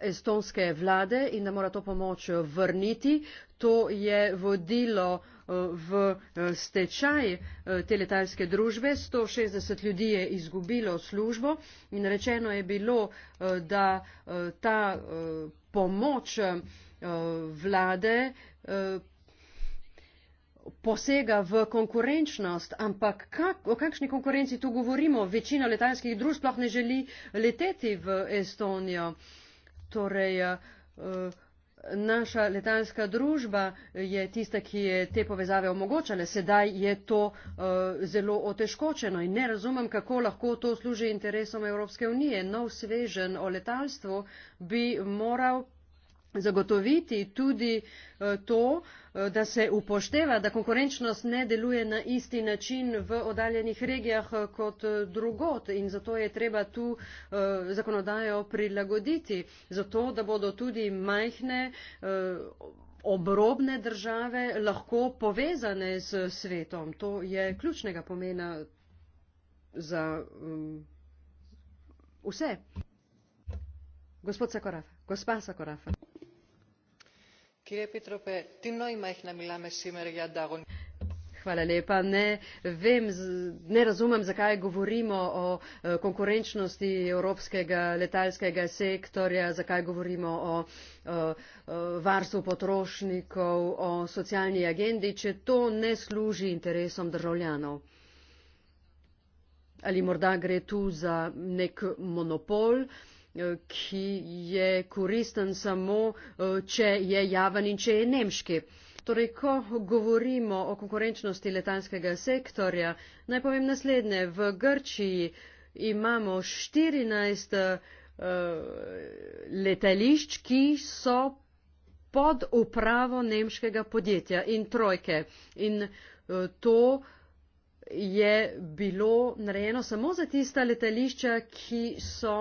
estonske vlade in da mora to pomoč vrniti to je vodilo eh, v eh, stečaj eh, te letalske družbe. 160 ljudi je izgubilo službo in rečeno je bilo, da ta pomoč vlade posega v konkurenčnost, ampak kak, o kakšni konkurenci tu govorimo? Večina letalskih družb sploh ne želi leteti v Estonijo. Torej, uh naša letalska družba je tista, ki je te povezave omogočala. Sedaj je to uh, zelo otežkočeno in ne razumem, kako lahko to služi interesom Evropske unije. Nov svežen o letalstvu bi moral zagotoviti tudi eh, to, eh, da se upošteva, da konkurenčnost ne deluje na isti način v oddaljenih regijah eh, kot drugot in zato je treba tu zakonodajo prilagoditi, zato da bodo tudi majhne obrobne države lahko povezane s svetom. To je ključnega pomena za vse. Gospod Sakorafa. Gospa Sakorafa. Hvala lepa. Ne, vem, ne razumem, zakaj govorimo o e, konkurenčnosti evropskega letalskega sektorja, zakaj govorimo o, o, e, o e, varstvu potrošnikov, o socialni agendi, če to ne služi interesom državljanov. Ali morda gre tu za nek monopol, uh, Eh, ki je koristen samo, eh, če je javen in če je nemški. Torej, ko govorimo o konkurenčnosti letalskega sektorja, naj povem naslednje. V Grčiji imamo 14 uh, eh, letališč, ki so pod upravo nemškega podjetja in trojke. In uh, to je bilo narejeno samo za tista letališča, ki so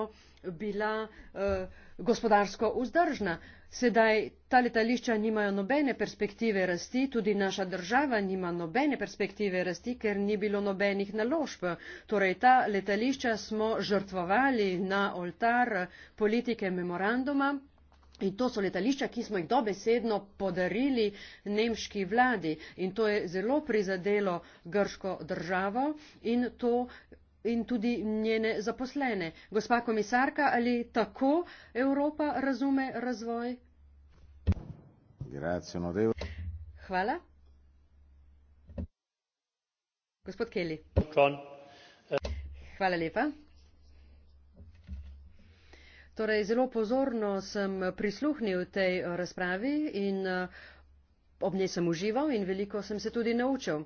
bila eh, gospodarsko vzdržna. Sedaj ta letališča nimajo nobene perspektive rasti, tudi naša država nima nobene perspektive rasti, ker ni bilo nobenih naložb. Torej ta letališča smo žrtvovali na oltar politike memoranduma. In to so letališča, ki smo jih dobesedno podarili nemški vladi. In to je zelo prizadelo grško državo in to in tudi njene zaposlene. Gospa komisarka, ali tako Evropa razume razvoj? Grazie, no Hvala. Gospod Keli. Hvala lepa. Torej, zelo pozorno sem prisluhnil tej razpravi in eh, ob njej sem užival in veliko sem se tudi naučil.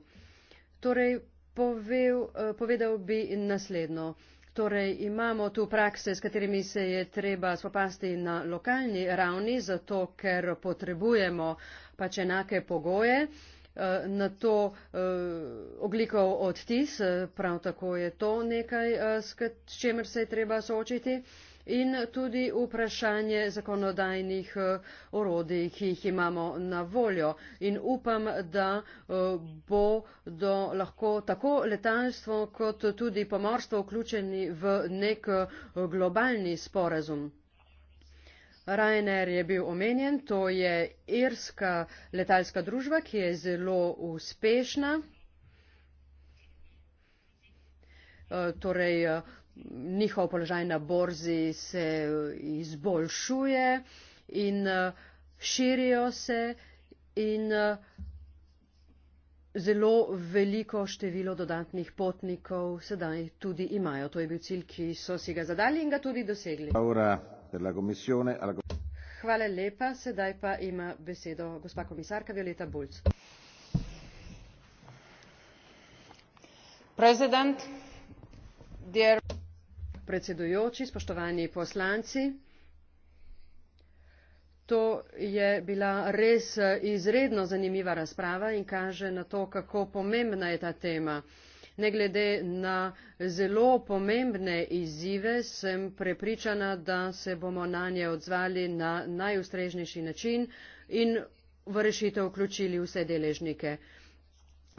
Torej, povel, eh, povedal bi naslednjo. Torej imamo tu prakse, s katerimi se je treba spopasti na lokalni ravni, zato ker potrebujemo pač enake pogoje. Eh, na to eh, oglikov odtis, prav tako je to nekaj, s čemer se je treba soočiti in tudi vprašanje zakonodajnih eh, orodij, ki jih imamo na voljo. In upam, da eh, bo do lahko tako letalstvo kot tudi pomorstvo vključeni v nek eh, globalni sporazum. Ryanair je bil omenjen, to je irska letalska družba, ki je zelo uspešna. Torej, njihov položaj na borzi se izboljšuje in eh, širijo se in eh, zelo veliko število dodatnih potnikov sedaj tudi imajo. To je bil cilj, ki so si ga zadali in ga tudi dosegli. Hvala lepa. Sedaj pa ima besedo gospa komisarka Violeta Bulc. President, dear predsedujoči, spoštovani poslanci. To je bila res izredno zanimiva razprava in kaže na to, kako pomembna je ta tema. Ne glede na zelo pomembne izzive, sem prepričana, da se bomo na nje odzvali na najustrežnejši način in v rešitev vključili vse deležnike.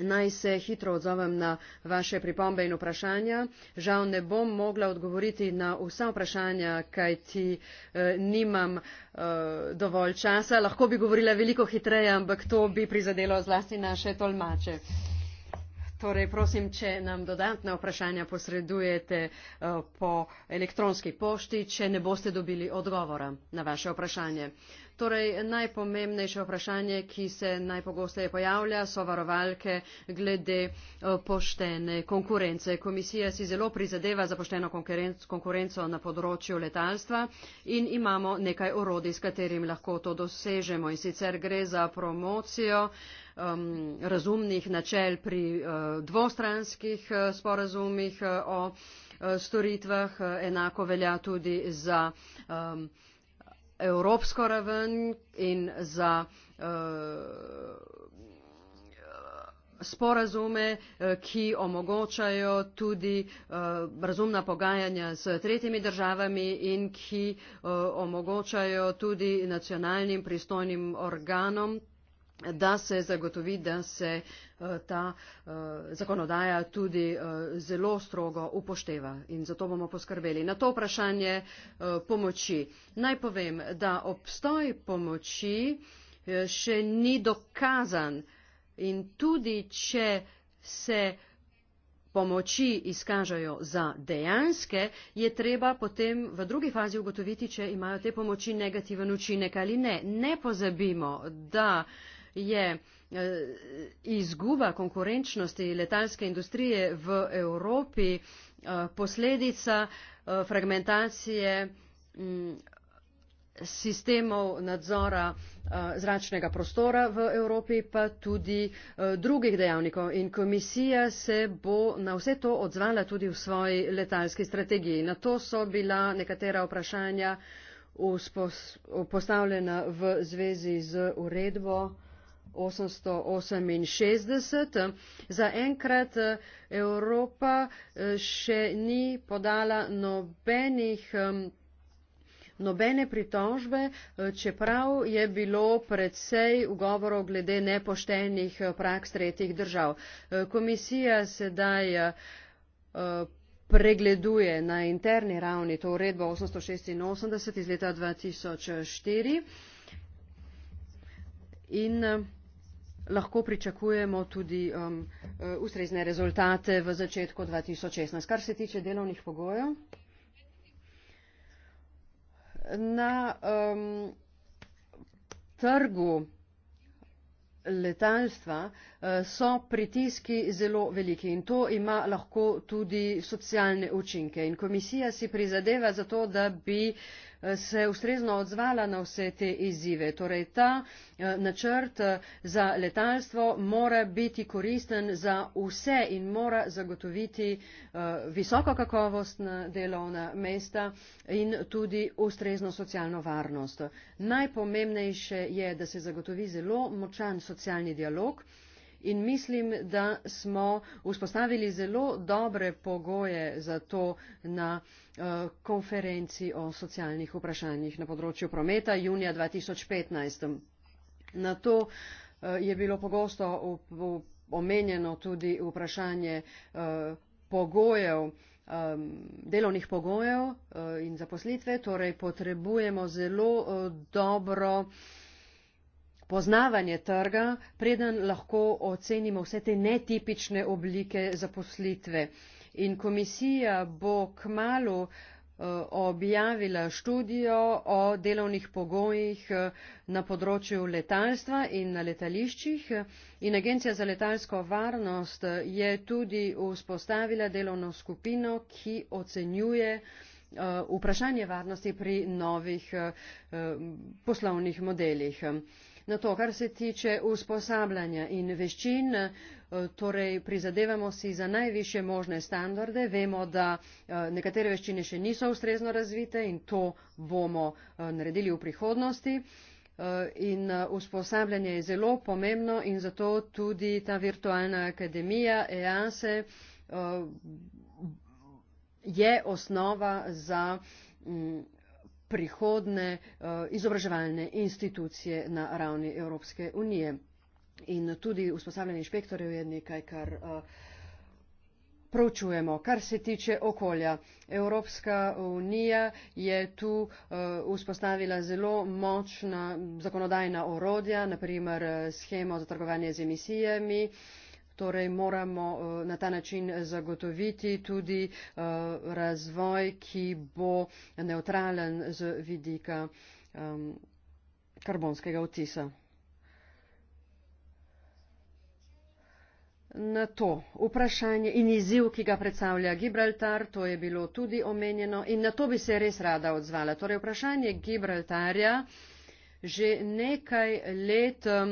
Naj se hitro odzovem na vaše pripombe in vprašanja. Žal ne bom mogla odgovoriti na vsa vprašanja, kaj ti eh, nimam eh, dovolj časa. Lahko bi govorila veliko hitreje, ampak to bi prizadelo zlasti naše tolmače. Torej, prosim, če nam dodatna vprašanja posredujete eh, po elektronski pošti, če ne boste dobili odgovora na vaše vprašanje. Eh, Torej, najpomembnejše vprašanje, ki se najpogosteje pojavlja, so varovalke glede eh, poštene konkurence. Komisija si zelo prizadeva za pošteno konkurenco na področju letalstva in imamo nekaj orodij, s katerim lahko to dosežemo. In sicer gre za promocijo um, razumnih načel pri uh, dvostranskih uh, sporazumih uh, o uh, storitvah. Uh, enako velja tudi za. Um, evropsko raven in za eh, sporazume, eh, ki omogočajo tudi eh, razumna pogajanja s tretjimi državami in ki omogočajo tudi nacionalnim pristojnim organom da se zagotovi, da se eh, ta eh, zakonodaja tudi eh, zelo strogo upošteva in zato bomo poskrbeli. Na to vprašanje pomoči. Naj povem, da obstoj pomoči še ni dokazan in tudi, če se pomoči izkažajo za dejanske, je treba potem v drugi fazi ugotoviti, če imajo te pomoči negativen učinek ali ne. Ne pozabimo, da je eh, izguba konkurenčnosti letalske industrije v Evropi eh, posledica eh, fragmentacije mm, sistemov nadzora zračnega prostora v Evropi, pa tudi drugih dejavnikov. In komisija se bo na vse to odzvala tudi v svoji letalski strategiji. Na to so bila nekatera vprašanja postavljena v zvezi z uredbo 1868. Zaenkrat eh, Evropa eh, še ni podala nobenih nobene pritožbe, eh, čeprav je bilo predvsej ugovorov glede nepoštenih praks tretjih držav. Komisija sedaj pregleduje na interni ravni to uredbo 886 iz leta 2004 in lahko pričakujemo tudi um, uh, ustrezne rezultate v začetku 2016. Kar se tiče delovnih pogojev, na um, trgu letalstva uh, so pritiski zelo veliki in to ima lahko tudi socialne učinke. In komisija si prizadeva za to, da bi uh, Eh, se ustrezno odzvala na vse te izzive. Torej ta eh, načrt eh, za letalstvo mora biti koristen za vse in mora zagotoviti visoko kakovostna delovna mesta in tudi ustrezno socialno varnost. Najpomembnejše je, da se zagotovi zelo močan socialni dialog, in mislim, da smo vzpostavili zelo dobre pogoje za to na eh, konferenci o socialnih vprašanjih na področju prometa junija 2015. Na to eh, je bilo pogosto omenjeno tudi vprašanje eh, pogojev ehm, delovnih pogojev in zaposlitve, torej potrebujemo zelo dobro poznavanje trga, preden lahko ocenimo vse te netipične oblike zaposlitve. In komisija bo k malu eh, objavila študijo o delovnih pogojih eh, na področju letalstva in na letališčih. In Agencija za letalsko varnost eh, je tudi vzpostavila delovno skupino, ki ocenjuje vprašanje varnosti pri novih poslovnih modelih. Na to, kar se tiče usposabljanja in veščin, eh, torej prizadevamo si za najviše možne standarde. Vemo, da eh, nekatere veščine še niso ustrezno razvite in to bomo eh, naredili v prihodnosti. In usposabljanje je zelo pomembno in zato tudi ta virtualna akademija EASE e, je osnova za mm, prihodne eh, izobraževalne institucije na ravni Evropske unije. In tudi usposabljanje inšpektorjev je nekaj, kar eh, pročujemo. Kar se tiče okolja, Evropska unija je tu eh, vzpostavila zelo močna zakonodajna orodja, naprimer schemo za trgovanje z emisijami torej moramo eh, na ta način zagotoviti tudi eh, razvoj, ki bo neutralen z vidika karbonskega otisa. Na to vprašanje in izziv, ki ga predstavlja Gibraltar, to je bilo tudi omenjeno in na to bi se res rada odzvala. Torej, vprašanje Gibraltarja že nekaj let um,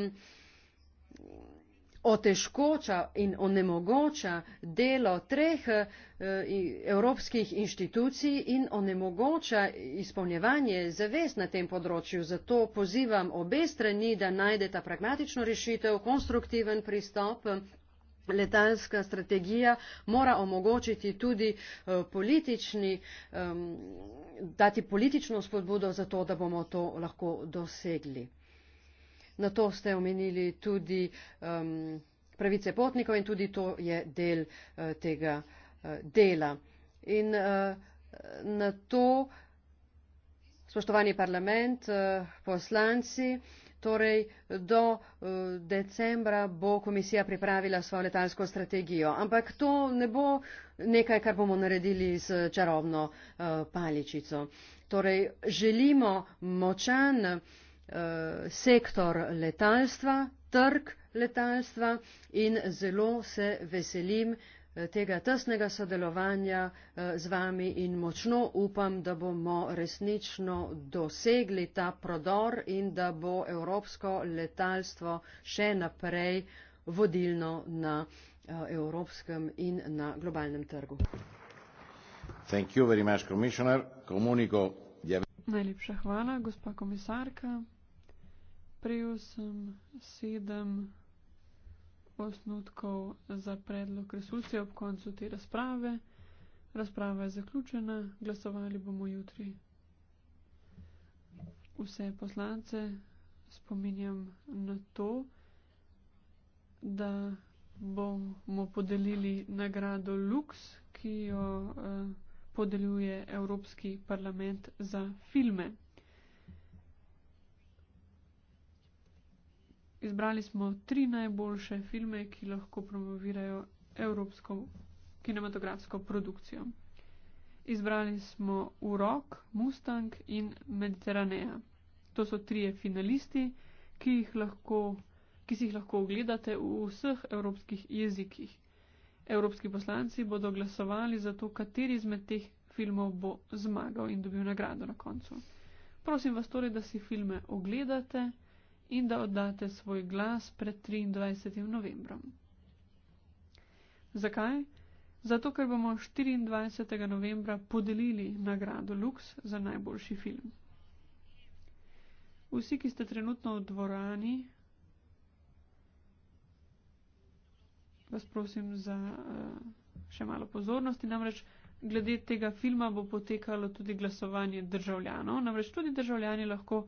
otežkoča in onemogoča delo treh eh, evropskih inštitucij in onemogoča izpolnjevanje zavez na tem področju. Zato pozivam obe strani, da najdeta pragmatično rešitev, konstruktiven pristop. Letalska strategija mora omogočiti tudi eh, politični, dati politično spodbudo za to, da bomo to lahko dosegli. Na to ste omenili tudi um, pravice potnikov in tudi to je del uh, tega uh, dela. In uh, na to, spoštovani parlament, uh, poslanci, torej do uh, decembra bo komisija pripravila svojo letalsko strategijo. Ampak to ne bo nekaj, kar bomo naredili z čarobno uh, paličico. Torej želimo močan. Uh, Eh, sektor letalstva, trg letalstva in zelo se veselim eh, tega tesnega sodelovanja eh, z vami in močno upam, da bomo resnično dosegli ta prodor in da bo evropsko letalstvo še naprej vodilno na evropskem in na globalnem trgu. Much, Komuniko, ja... Najlepša hvala, gospa komisarka. Prejel sem sedem osnutkov za predlog resolucije ob koncu te razprave. Razprava je zaključena, glasovali bomo jutri. Vse poslance spominjam na to, da bomo podelili nagrado Lux, ki jo uh, podeljuje Evropski parlament za filme. Izbrali smo tri najboljše filme, ki lahko promovirajo evropsko kinematografsko produkcijo. Izbrali smo Urok, Mustang in Mediteraneja. To so trije finalisti, ki, jih lahko, ki si jih lahko ogledate v vseh evropskih jezikih. Evropski poslanci bodo glasovali za to, kateri izmed teh filmov bo zmagal in dobil nagrado na koncu. Prosim vas torej, da si filme ogledate in da oddate svoj glas pred 23. novembrom. Zakaj? Zato, ker bomo 24. novembra podelili nagrado Lux za najboljši film. Vsi, ki ste trenutno v dvorani, vas prosim za eh, še malo pozornosti, namreč glede tega filma bo potekalo tudi glasovanje državljanov, namreč tudi državljani lahko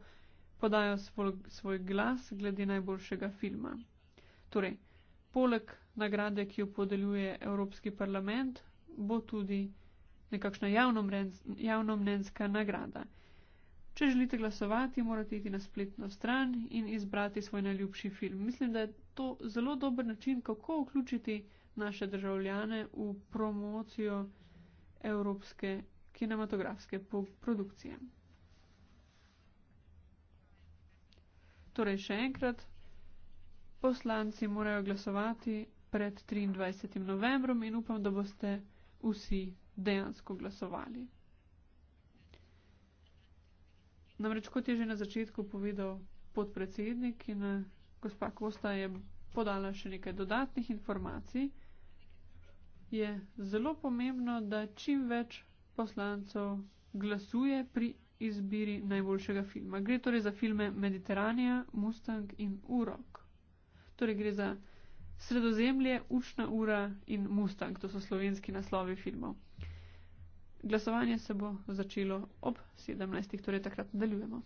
podajo svoj, svoj glas glede najboljšega filma. Torej, poleg nagrade, ki jo podeljuje Evropski parlament, bo tudi nekakšna javnomnenska nagrada. Če želite glasovati, morate iti na spletno stran in izbrati svoj najljubši film. Mislim, da je to zelo dober način, kako vključiti naše državljane v promocijo evropske kinematografske produkcije. Torej še enkrat, poslanci morajo glasovati pred 23. novembrom in upam, da boste vsi dejansko glasovali. Namreč, kot je že na začetku povedal podpredsednik in eh, gospa Kosta je podala še nekaj dodatnih informacij, je zelo pomembno, da čim več poslancev glasuje pri izbiri najboljšega filma. Gre torej za filme Mediteranija, Mustang in Urok. Torej gre za Sredozemlje, Učna ura in Mustang, to so slovenski naslovi filmov. Glasovanje se bo začelo ob 17.00, torej takrat nadaljujemo.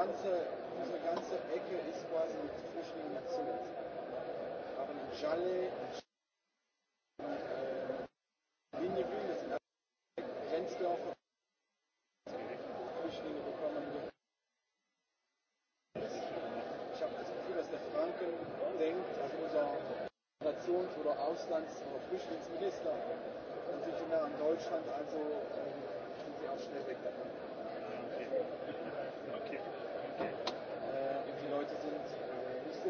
ganze, unsere ganze Ecke ist quasi zwischen den Nationen. Wir haben in Jalle, in äh, das sind alle Grenzdörfer. Flüchtlinge bekommen wir. Ich habe das Gefühl, dass der Franken denkt, dass unser Nations- oder Auslands- oder Flüchtlingsminister sich immer an Deutschland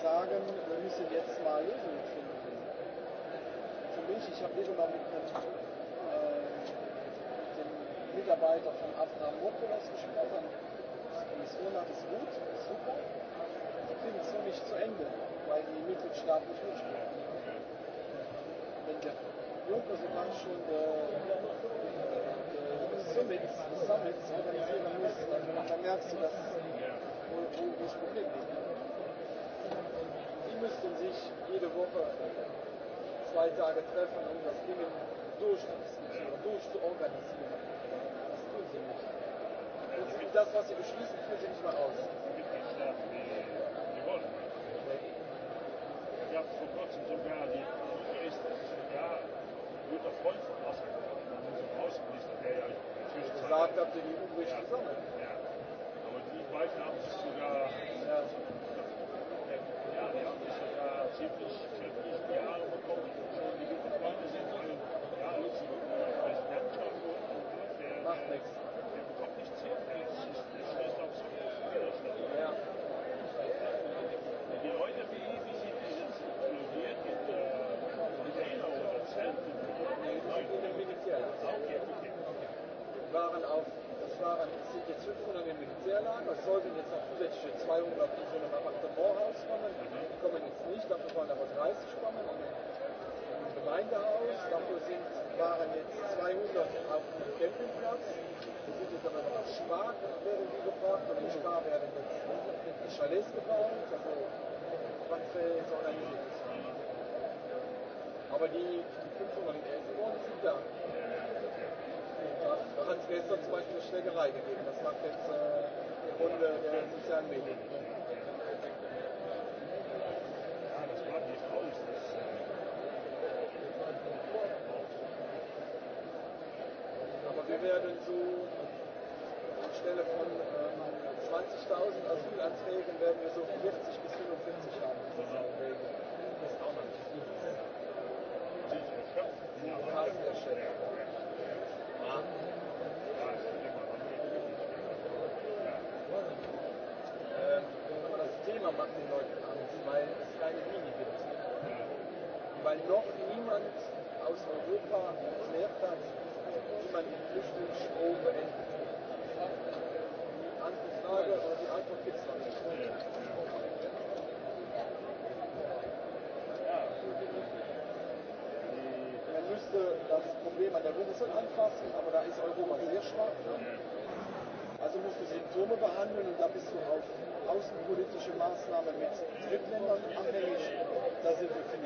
sagen, wir müssen jetzt mal Lösungen finden. Zum Beispiel, ich habe eben eh mal mit einem äh, dem Mitarbeiter von Abraham Mokulas gesprochen. Die Kommission hat es gut, super. Sie kriegen es nur nicht zu Ende, weil die Mitgliedstaaten nicht mitspielen. Wenn der Juncker sogar schon äh, Summits, äh, Summits organisieren muss, dann, dann merkst du, dass wo, wo das Problem liegt müssten sich jede Woche zwei Tage treffen, um das Ding durchzuziehen, durchzuorganisieren. Das tun sie nicht. Das, ist das was sie beschließen, führen sie nicht mehr aus. Ich habe vor kurzem sogar die Ministerin, ja, guter Freund von Wasser, der ja natürlich gesagt hat, die EU-Richtung ja. sammelt. Lage. Es sollten jetzt noch zusätzliche 200 Personen am Abteilbau rauskommen. Die kommen jetzt nicht, dafür waren aber 30 kommen im Gemeindehaus. Dafür sind, waren jetzt 200 auf dem Campingplatz. Wir sind jetzt aber noch Spark, werden die gebraucht. Und in Spark werden jetzt die Chalets gebaut. Also, was soll denn hier Aber die, die 500 Essen worden sind ja. da. Da hat es gestern zum Beispiel eine Schlägerei gegeben. Das macht jetzt. Äh, und der sozialen Medien. Aber wir werden zu anstelle von äh, 20.000 Asylanträgen werden wir so 40 bis 45 haben. Genau. anfassen, aber da ist Europa sehr schwach. Also musst du Symptome behandeln und da bist du auf außenpolitische Maßnahmen mit Drittländern abhängig. Da sind wir